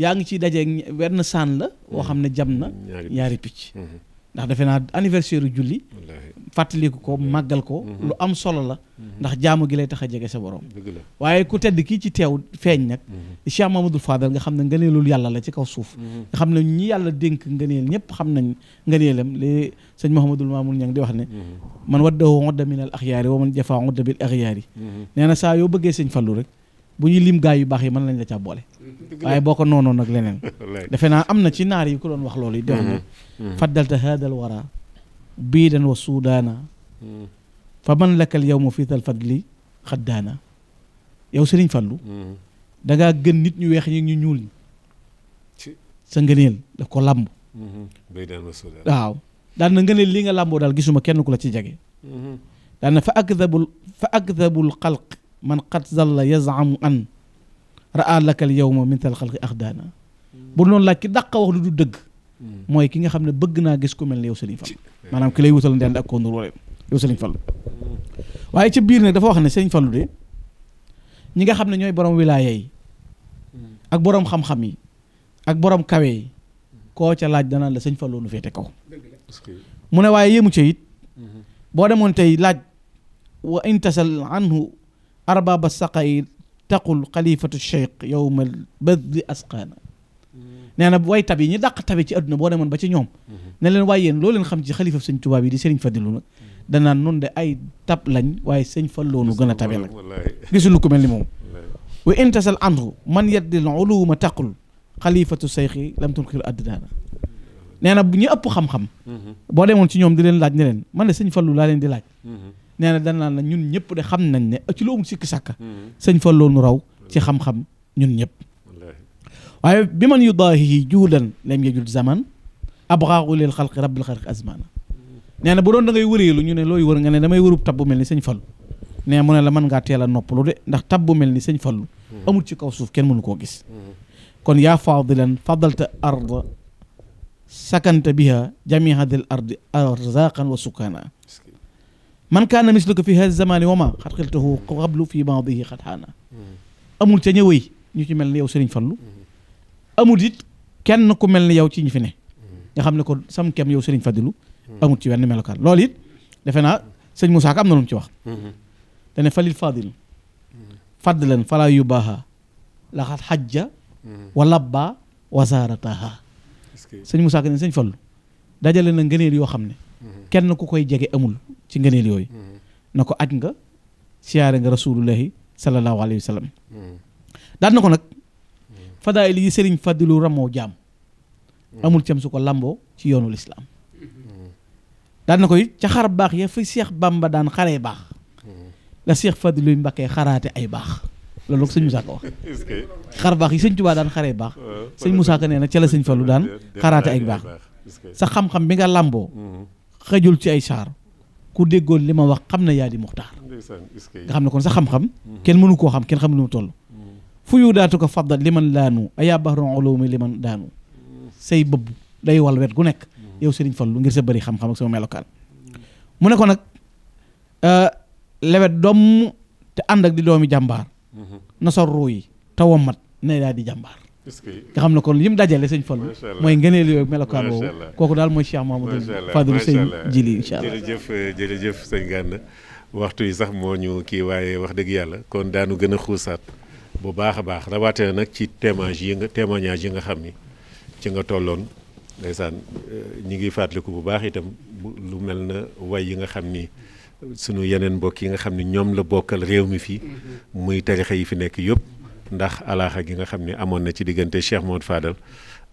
yaa ngi ciy dajee wenn saan la boo mm. xam ne jam na ñaari picc mm-hmm. ndax defe naa anniversaire julli fàttaliku ko màggal ko mm-hmm. lu am solo la mm-hmm. ndax jaamu gi lay tax a jege sa borom waaye ku tedd kii ci teew feeñ nag mm-hmm. Cheikh Mamadou Fadel nga xam ne ngëneelul yàlla la ci kaw suuf nga xam ne ñi yàlla dénk nga ngëneel ñëpp xam nañ ngëneelam li sëñ Mouhamadul Mamoun Niang di wax ne man waddahu odda min al axyaari wa man jafa odda bil axyaari nee na saa yoo bëggee sañ Fallou rek bu ñuy lim gaay yu baax yi man lañ la ca boole waaye boo ko noonoon nag leneen defe naa am na ci naar yi ku doon wax loolu yi di wax ne biidan wa suudaana hmm. fa man lakal yow ma fiital fadli xaddaana yow sëriñ Fallu hmm. da ngaa gën nit ñu weex ñi ñu ñuul ñi sa ngëneel daf ko làmb hmm. daan na ngëneel lii nga làmboo daal gisuma kenn ku la ci jege daan na fa akdabul fa akdabul xalq man qad zalla yazaamu an raa lakal yow ma mintal xalqi axdaana bu noonu laaj ki dàq wax lu du dëgg mooy ki nga xam ne bëgg naa gis ku mel ne yow Serigne Fall maanaam ki lay wutal ndend waaye ca biir nag dafa wax ne Serigne Fallu de ñi nga xam ne ñooy borom wilaaya yi ak borom xam-xam yi ak borom kawe yi koo ca laaj danaan la Serigne Fallu nu kaw mu ne waaye yéemu ca it boo demoon tey laaj wa intasal anhu arbaba saqayi taqul xalifatu cheikh yowma baddi asqaana nee na way tab yi ñu dàq tabe ci àdduna boo demoon ba ci ñoom ne leen waaye yéen loo xam ci xalifa sëñ Tuubaa bi di Sëriñ Fadilu nag danaan nun de ay tab lañ waaye sëñ Fallou nu gën a tabe nag gisul ku mel ni moom wa intasal anhu man yaddil uluma taqul xalifatu seyxi lam tunkiru addinaana nee na ñu ëpp xam-xam mm-hmm. boo demoon ci ñoom di leen laaj ne leen man de sëñ Fallou laa leen di laaj mm-hmm. nee na danaan la ñun ñëpp de xam nañ ne ci loo amul sikki sàkka mm-hmm. sëñ Fallou nu raw ci xam-xam ñun ñëpp waaye bi man yudaahihi juulan lam yajul zaman abraahu lil xalqi rabbil xalqi azmana nee na bu doon da ngay wëreelu ñu ne looy wër nga ne damay wërub tab bu mel ni sëñ Fallu nee mu ne la man ngaa teel a noppalu de ndax tab bu mel ni sëñ Fallu amul ci kaw suuf kenn mënu koo gis kon yaa faadilan fadalta arda sakanta biha jami hadil ardi arzaqan wa sukana man kaana misluka fi hadi zamani wa ma xat xiltahu qablu fi maadihi xat xaana amul ca ñëwëy ñu ci mel ni yow sëriñ amut it kenn ku mel ni yow ci ñi fi ne nga xam ne ko sam kem yow Serigne Fadilou amut ci wenn melokaan lool it defe naa sëñ Moussa Ka am na lu ci wax dane falil fadil fadlan fala yubaha laxat xajja wa labba wa zaarataha sëñ Moussa Ka ne sëñ Fallu dajale na ngëneel yoo xam ne kenn ku koy jege amul ci ngëneel yooyu na ko aj nga siyaare nga rasulullahi sallallahu alayhi wa hmm. daan na ko nag fadaayil yi sëriñ fadilu ramoo jaam mm. amul cam su ko lamboo ci yoonu lislaam mm. daan na koy ca xar baax ya fi seex bamba daan xaree baax mm. la seex fadiluy mbakkee xaraate ay baax loolu ko sëñ Moussa Ka wax xar baax yi sëñ Tuubaa daan xaree baax euh, sëñ Moussa Ka nee na ca la sëñ Fallu daan xaraate ay baax sa xam-xam bi nga lamboo xëjul ci ay saar ku déggoon li ma wax xam na yaa di muxtaar nga xam ne kon sa xam-xam kenn mënu koo xam kenn xam lu mu toll fuyudaatuka fadda liman laanu ayaa bahron ulumi liman daanu say bëbb day wal wet gu nekk yow sëriñ Fallu ngir sa bëri xam-xam ak sama melokaan mu ne ko nag euh, lewet doom te ànd ak di doomi jàmbaar mhm. nasor ruu yi te wommat ne daal di jàmbaar nga xam ne kon yim dajale sëñ Fallu mooy ngëneel yooyu melokaan woowu kooku daal mooy Cheikh Mahamadou Fadil sëñ Jili incha allah jërëjëf jërëjëf sëñ waxtu yi sax moo ñu kii waaye wax dëgg yàlla kon daanu gën a xuusaat bu baax a baax rawatina nag ci témoignage yi nga témoignage yi nga xam ni ci nga tolloon ndeysaan euh, ñi ngi fàttaliku bu baax itam lu mel na way yi nga xam ni sunu yeneen mbokk yi nga xam ni ñoom la bokkal réew mi fii mm-hmm. muy tarixa yi fi nekk yëpp ndax alaaxa gi nga xam ni amoon na ci diggante Cheikh Modou Fadal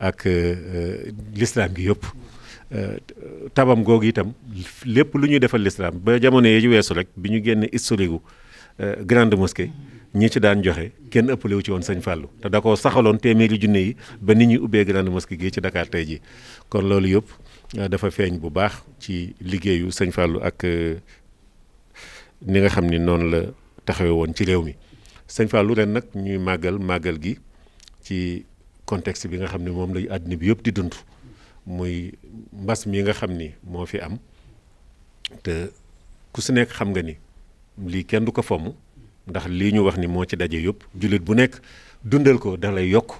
ak euh, euh, lislaam gi yëpp tabam googu itam lépp lu ñuy defal lislaam ba jamono yi weesu rek bi ñu génn historique gu grande mosquée ñi ci daan joxe kenn ëppale wu ci woon sëñ Fallou te da koo saxaloon téeméeri junne yi ba nit ñuy ubbee grande mosquée gi ci Dakar tey ji kon loolu yëpp euh, dafa feeñ bu baax ci liggéeyu sëñ Fallou ak euh, ni nga xam ni noonu la taxawe woon ci réew mi sëñ Fallou ren nag ñuy màggal màggal gi ci contexte bi nga xam ne moom la àddina bi yëpp di dund muy mbas mi nga xam ni moo fi am te ku si nekk xam nga ni lii kenn du ko fomm ndax lii ñu wax ni moo ci daje yëpp jullit bu nekk dundal ko da lay yokk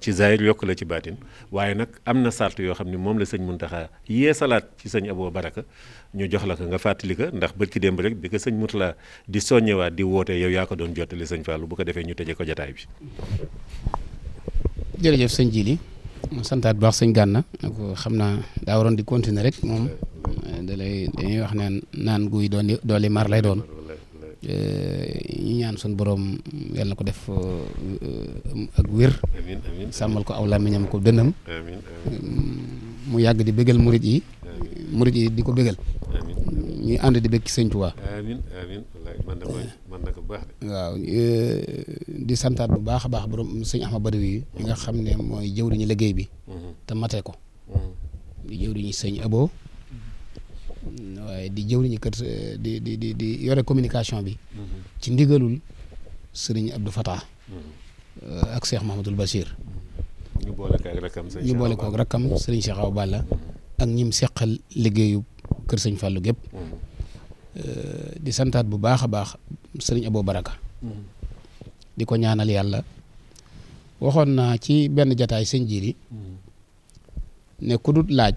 ci zahir yokk la ci baatin waaye nag am na sart yoo xam ni moom la sëñ Muntaxa yee salaat ci sëñ Abo Baraka ñu jox la ko nga fàttali ko ndax bët ki démb rek bi ko sëñ Mutala di soññewaat di woote yow yaa ko doon jottali sëñ Fallou bu ko defee ñu tëjee ko jotaay bi. jërëjëf sëñ Jili ma santaat baax sëñ Gànna ko xam naa daa waroon di continuer rek moom da lay dañuy wax ne naan guy doon doole mar lay doon. ñu ñaan suñu boroom yàlla na ko def uh, ak wér. sàmmal ko aw làmmiñam ko dënnam. Mm, mu yàgg di bégal murit yi. murit yi di ko bégal. ñuy ànd di bëgg ci e, di santaat bu baax a baax borom sëñ Ahmad Badawi nga xam ne mooy jëwriñu liggéey bi. Mm-hmm. te ko. Mm-hmm. di jëwriñu sëñ Abo. waaye di jëwriñu kër di di di di yore communication bi. ci ndigalul sëriñ Abdou Fatah. Euh, ak Cheikh Mahmadul Bachir. ñu boole ko ak rakkam sëriñ ñu boole ak Balla ak ñim seqal liggéeyu kër sëñ Fallou gépp euh, di santaat bu baax a baax sëriñ Abo Baraka. di ko ñaanal yàlla. waxoon naa ci benn jataay sëñ jiiri. Mm-hmm. ne ku laaj.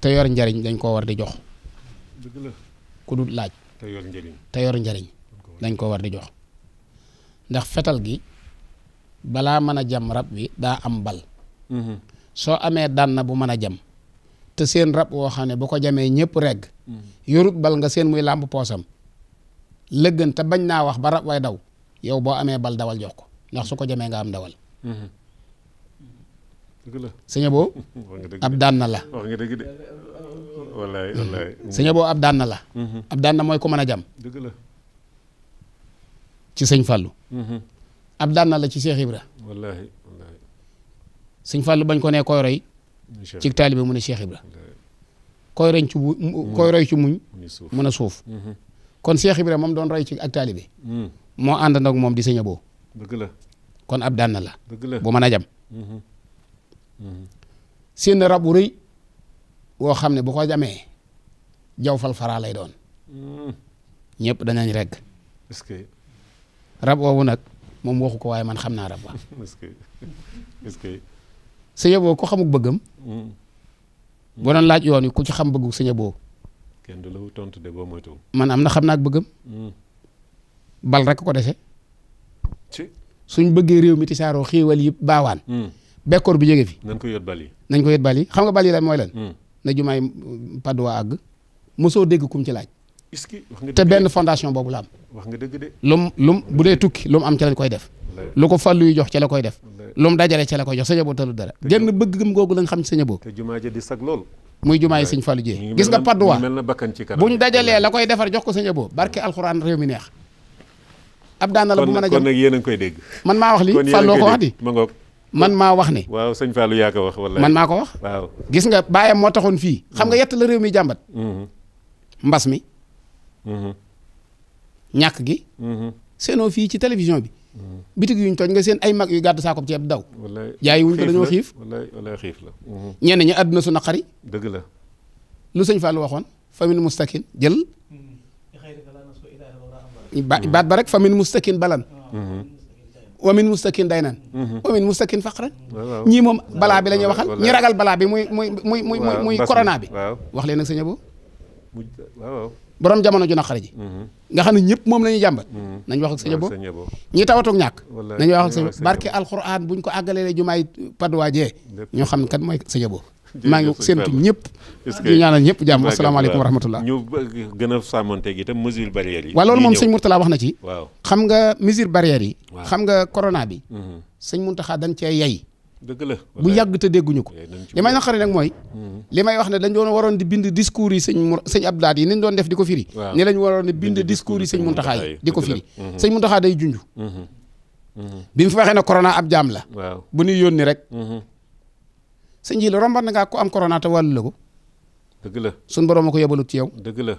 te yor njariñ dañ koo war di jox ku dul laaj te yor njariñ dañ koo war di jox ndax fetal gi balaa mën a jam rab bi daa am bal mhm. soo amee na bu mën a jam te seen rab woo xam ne bu ko jamee ñëpp regg mhm. yorut bal nga seen muy làmb poosam lëggën te bañ naa wax ba rab way daw yow boo amee bal dawal jox ko ndax su ko jamee nga am dawal mhm. sëñ boo ab daan na la wax sëñ boo ab daan na la mhm. ab daan na mooy ko mën a jàmm dëgg la ci sëñ Fallou mhm. ab daan na la ci Cheikh sëñ Fallou bañ ko nee koy roy ci taalibe mu ne Cheikh Ibra koy roy ci muñ mën a suuf mhm. kon Cheikh moom doon roy ci ak taalibe moo ànd nag moom di sëñ kon ab daan na la bu mën a jàmm seen rab wu rëy woo xam ne boo ko jamee jaw fal faraa lay doon ñëpp danañ regg est-ce que rab woowu nag moom waxu ko waaye man xam naa rab ba est-ce que est-ce que sëñ ko xamuk bëggam hmm. boo laaj yoon yi ku ci xam bëggu sëñ boo kenn du la tontu de boo moytu man am na xam naak bëggam hmm. bal rek ko dese suñ bëggee réew mi ti saaroo xiiwal yi baawaan hmm. bekkoor bi jóge fi. nañ ko yot bali. nañ ko yot bali xam nga bali lan mooy lan. Hmm. na jumaay Padoa àgg. mosoo dégg kum ci laaj. wax nga te benn fondation boobu la am. wax nga dëgg de. lum lum bu dee tukki lum am ci lañ koy def. lu ko fàllu yu jox ci la koy def. lum dajale ci la koy jox sëñ Abo talu dara. genn bëgg gëm googu lañ xam ci sëñ Abo. te jumaa ja di muy jumaa yi sëñ Fallou gis nga Padoa buñ dajalee la koy defar jox ko sëñ Abo barke alxuraan réew mi neex ab daana la bu mën a jëm koy dégg man maa wax li fàlloo ko wax di man maa wax ne. waaw sëñ Fallou yaa ko wax wallaahi man maa ko wax. gis nga bàyyam moo taxoon fii. xam nga mm-hmm. yett la réew mi jàmbat. Mm-hmm. mbas mi. Mm-hmm. ñàkk gi. seenoo fii ci télévision bi. bitig yuñ tooñ nga seen ay mag yu gàddu saakob ceeb daw. wallaahi jaay wuñ ko dañoo xiif. wallaahi la. ñenn ñi àdduna su naqari. dëgg la. lu sëñ Fallou waxoon famine mustakin jël. baat ba rek famine mustakin balan. wa min mustakin daynan mhm. wa min mustakin rek ñii moom balaa bi la waxal ñi ragal balaa bi muy muy muy muy muy corona bi wax leen nag sëñ Abo borom jamono ju naqare ji mhm. nga xam ne ñëpp moom la ñuy jàmbat mhm. nañ wax ak sëñ Abo ñi tawatoog ñàkk nañ wax ak sëñ Abo barke alquran buñ ko àggalee jumaay Padoa jee ñoo xam ne kat mooy sëñ Abo maa ngi séntu ñëpp ñu ñaanal ñëpp jàmm asalaamaaleykum wa rahmatullah ñu gën a sàmmonteeg itam mesure barrière yi waaw loolu moom sëñ Mourtala wax na ci waaw xam nga mesure barrière yi xam nga corona bi mhm. sëñ Mountakha dañ cee yay la bu yàgg te dégguñu ko li may naqari nag mooy mhm. li may wax ne dañ doon waroon di bind discours yi sëñ mu sëñ Abdou Lahad yi niñ doon def di ko firi ne lañ waroon di bind discours yi mhm. sëñ Mountakha day junj bi mu fi waxee ne corona ab jaam la bu ñuy yónni rek sëñ ji la rombat na ngaa ko am corona te wàllu la ko. dëgg la sunu borom a ko yebalut ci yow. dëgg la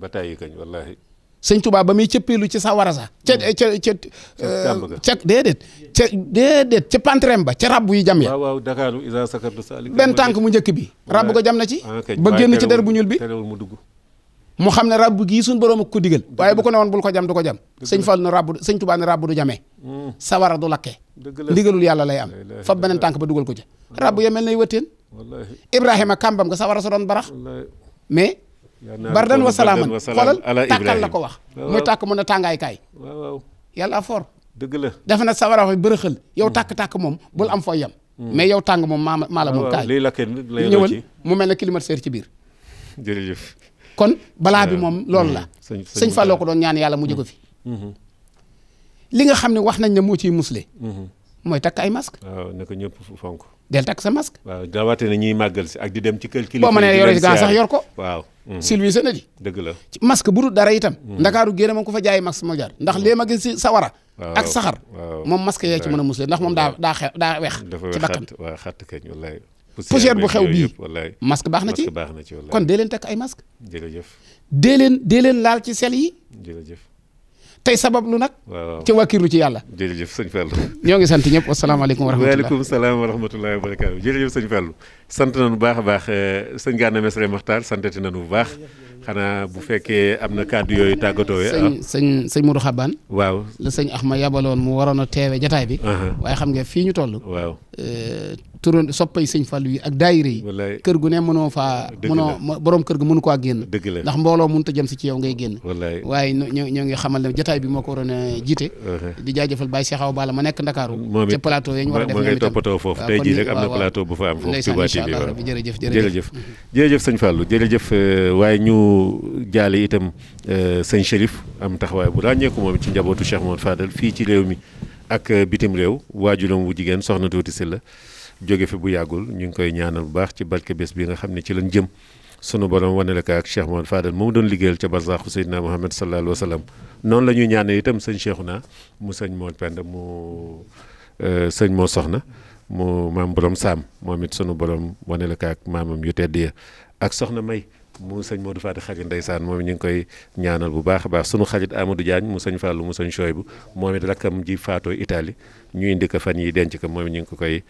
ba tàyyi kañ wallaahi. sëñ Tuubaa ba muy cëppeelu ci sa wara sa mm. ca ca ca. Euh, ca déedéet ca déedéet ca pantrem ba ca rabbu yi jam ya. waaw waaw Dakaaru isa sakartu saalik benn tànk mu njëkk bi. rabbu ko jam na ci. Ah, ba génn ci der bu ñuul bi mu dugg. mu xam ne rabbu gii suñ borom ko digal. waaye bu ko newoon bul ko jam du ko jam. sëñ Fall ne rabbu sëñ Tuubaa ne rabbu du jamee. Mm. sawara du lakke. dëgg la ndigalul yàlla lay am. fa beneen tànk ba dugal ko ci rabbu ya mel nay wëttéen ibrahima kambam nga sawara sa doon barax mais bardan wa salaaman xoolal tàkkal la ko wax muy tàkk mun na tàngaay kaay yàlla a foor dëgg la dafa na sawara fa bërëxal yow mm. tàkk-tàkk moom bul am fooy yam mm. mais yow tàng moom maa maa la ah, moom kaay mu mel ne climatiseur ci biir jërëjëf kon balaa bi moom loolu la mm. sëñ Fallou ko doon ñaan yàlla mu jóge fi mm-hmm. li nga xam ne wax nañ ne moo ciy musle mm-hmm. mooy takk ay masque waaw naka ñëpp fonk del takk sa masque. waaw rawatina ñuy màggal si ak di dem ci yore si gant sax yor ko. waaw. Mhm. na di. dëgg la ci masque bu dul dara itam. Mhm. ndakaaru génn moom ku fa jaay masque moo ndax mhm. lee ma gis si sawara. ak saxar moom masque yee ci mën a musle ndax moom daa daa xew daa weex. ci bakkan waaw bu xew bii masque baax na ci kon dee leen takk ay masque jërëjëf dee leen dee leen laal ci sel yi. tey sabab lu nag. waaw ci wàkkiirlu ci yàlla. jërëjëf sëñ Fallou. ñoo ngi sant ñëpp wasalaamaaleykum wa rahmatulah waaleykum salaam wa rahmatulah wa barakaatu jërëjëf sëñ Fallou. sant nañu bu baax a baax eh, sëñ Gana Messere Maxtaar santati nañu bu baax. xanaa bu fekkee am na kàddu yooyu tàggatoo. sëñ ah. sëñ sëñ Modou Xabaan. waaw la sëñ Axma yabaloon mu waroon a teewe jataay bi. waaye xam nga fii ñu toll. waaw eh, turoon soppay sëñ Fallou yi ak daayira yi. kër gu ne mënoo faa. mënoo borom kër gu mënu koo génn. dëgg la ndax mbooloo mënut a jëm si ci yow ngay génn. wallaay ñoo ngi xamal ne jataay bi moo ko waroon a jiite. di jaajëfal Baye Cheikh Awa Balla ma nekk Ndakaaru. moom it ca plateau yi ñu war a def moom itam waaw ah, kon ni waaw waaw jaale itam euh, sëñ Chérif am taxawaay bu ràññeeku moom ci njabootu Cheikh Mouhamed Fadal fii ci réew mi ak euh, bitim réew waajuram wu jigéen soxna tuuti si la jóge fi bu yàggul ñu ngi koy ñaanal bu baax ci barke bés bi nga xam ne ci lañ jëm sunu borom wane la ko ak Cheikh Mouhamed Fadal moom doon liggéeyal ca barsaaxu Seydina Mohamed sallallahu alayhi wa sallam noonu la ñuy ñaanal itam sëñ Cheikhouna mu sëñ Mor Penda mu euh, sëñ moo soxna mu maam borom saam moom it sunu borom wane la ko ak maamam yu tedd ya ak soxna May. mu sëñ Modou Fatick Xarit ndeysaan moom ñu ngi koy ñaanal bu baax a baax sunu xarit Amadou Diagne mu sëñ Fallou mu sëñ Choy bu moom it rakkam ji faatoo Italie ñu indi ko fan yi denc ko moom ñu ngi ko koy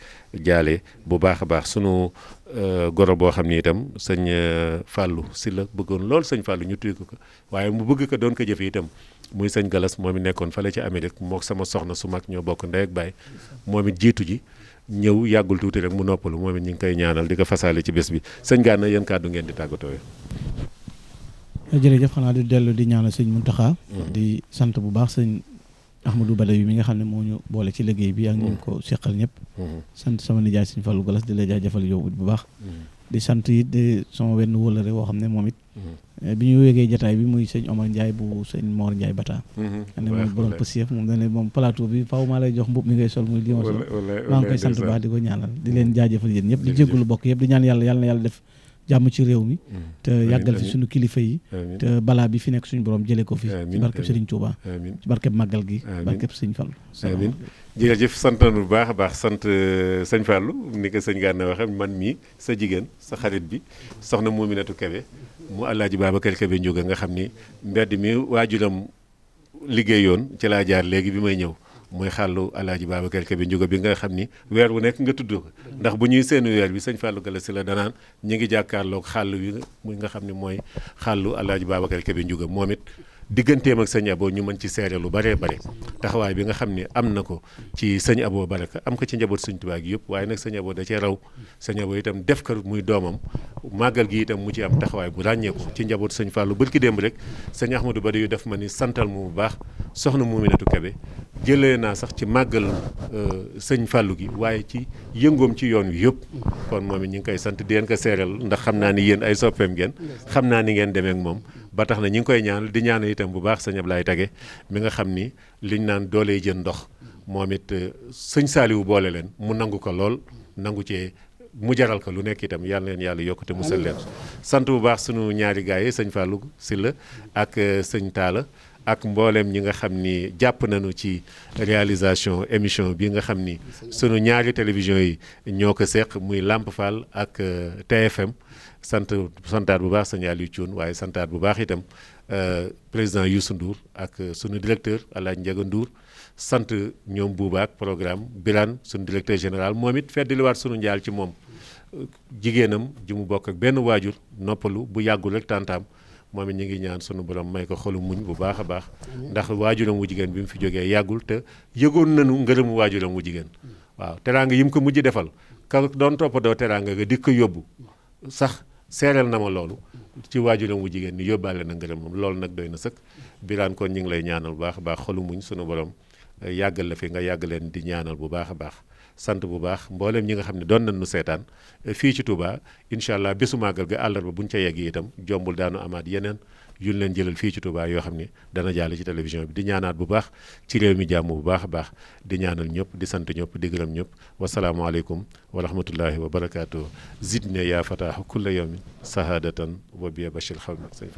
jaale bu baax a baax sunu euh, goro boo xam ni itam sëñ euh, Fallou si la bëggoon lool sëñ Fallou ñu ko waaye mu bëgg ko doon ko itam muy sëñ Galas moom it nekkoon fale ci Amérique mook sama soxna su mag ñoo bokk ndey ak baay moom it jiitu ji. ñëw yàggul tuuti rek mu noppalu moom it ñu ngi koy ñaanal di ko fasaale ci bés bi sëñ Gana yéen kàddu ngeen di tàggatoo jërëjëf xanaa di dellu di ñaanal sëñ taxaa mm-hmm. di sant bu baax sëñ Ahmadou Badawi mi nga xam ne moo ñu boole ci liggéey bi ak ñu mm-hmm. ko seqal ñëpp mm-hmm. sant sama nijaay sëñ falu Galas di la jaajëfal yow bu baax di sant it di sama wenn wóolare woo xam ne moom it mhm. eh, bi ñu wéegee jataay bi muy sëñ Omar Ndiaye bu sëñ Mor Ndiaye Bata mhm. ane mooy borom pësief moom dane moom plateau bi faw maa lay jox mbub mi ngay sol muy li ma sol maa ngi koy sant baax di ko ñaanal di mhm. leen jaajëfal yéen ñëpp di jéggulu bokk yëpp di ñaan yàlla yàlla yàlla def jàmm ci réew mi mm. te yàggal fi suñu kilifa yi te balaa bi fi nekk suñu borom jëlee ko fi ci barkeb Serigne Touba ci barkeb màggal gi barkeb Sëñ Fall amiin jërëjëf sant nañu bu baax a baax sant euh, sëñ Fallou ni ko sëñ Gana waxee man mii sa jigéen sa xarit bi soxna Mouminatou Kébé mu Alaaji Babacar Kébé Ndiouga nga xam ni mbedd mi liggéey yoon ci laa jaar léegi bi may ñëw mooy xàllu alaaji Babacar bi Njuga bi nga xam ni weer bu nekk nga tudd ko ndax bu ñuy seenu weer bi sëñ Fallou Gala si la danaan ñu ngi jàkkaarloog xàll wi muy nga xam ni mooy xàllu alaaji Babacar bi Njuga moom it digganteem ak sëñ Abo ñu mën ci seere lu baree bare taxawaay bi nga xam ne am na ko ci sëñ aboo Abo Baraka am ko ci njaboot sëñ Tuubaa gi yëpp waaye nag sëñ Abo da cee raw sëñ Abo itam def ka muy doomam màggal gi itam mu ci am taxawaay bu ràññeeku ci njaboot sëñ Fallou bërki démb rek sëñ Ahmadou Bari yu def ma ni santal mu bu baax soxna Muminatu Kebe jële naa sax ci màggal euh, sëñ fàllu gi waaye ci yëngoom ci yoon wi yëpp kon moom it ñu ngi koy sant di ko seeral ndax xam naa ni yéen ay soppeem ngeen xam naa ni ngeen demee moom ba tax na ñi ngi koy ñaan di ñaanal itam bu baax sëñ Ablaye Tage mi nga xam ni liñ naan dooley jën ndox moom it euh, sëñ Saaliwu boole leen mu nangu ko lool nangu cee mu jaral ko lu nekk itam yàlla leen yàlla yokk mu musal leen sant bu baax sunu ñaari gaay yi sëñ Fallou Sylla ak euh, sëñ Talla ak mbooleem ñi nga xam ni jàpp nañu ci réalisation émission bi nga xam ni sunu ñaari télévision yi ñoo ko seq muy làmp Fall ak euh, TFM sant santaat bu baax sëñ Aliou Thioune waaye santaat bu baax itam euh, président Youssou Ndour ak sunu directeur Alaaji Ndiaga Ndour sant ñoom buubaak programme Birane sunu directeur général moom it feddaliwaat sunu njaal ci moom jigéenam ji mu bokk ak benn waajur noppalu bu yàggul rek tàntaam moom it ñu ngi ñaan sunu borom may ko xolu muñ bu baax a baax ndax waajuram wu jigéen bi mu fi jógee yàggul te yëgoon nañu ngërëmu waajuram wu jigéen mm. waaw teraanga yi mu ko mujj defal ka doon toppatoo teraanga ga di ko yóbbu sax seereel na ma loolu ci waajuram mu jigéen ni yóbbaale na ngërëmam loolu nag doy na sëkk biraan kon ñu ngi lay ñaanal bu baax a baax xolu muñ sunu borom eh, yàggal la fi nga yàgg leen di ñaanal bu baax a baax sant bu baax mboolem ñi nga xam ne doon nu seetaan eh, fii ci Touba incha allah bésu màggal ga àllarba bu ñu ca yeggee itam jombul daanu amaat yeneen yuñ leen jëlal fii ci tubaay yoo xam ne dana jàll ci télévision bi di ñaanaat bu baax ci réew mi jàmm bu baax a baax di ñaanal ñëpp di sant ñëpp di gërëm ñëpp wasalaamualeykum wa rahmatullahi wa barakaatu zidna yaa fataax kulla yawmin sahadatan wa bashir xawmi sëñ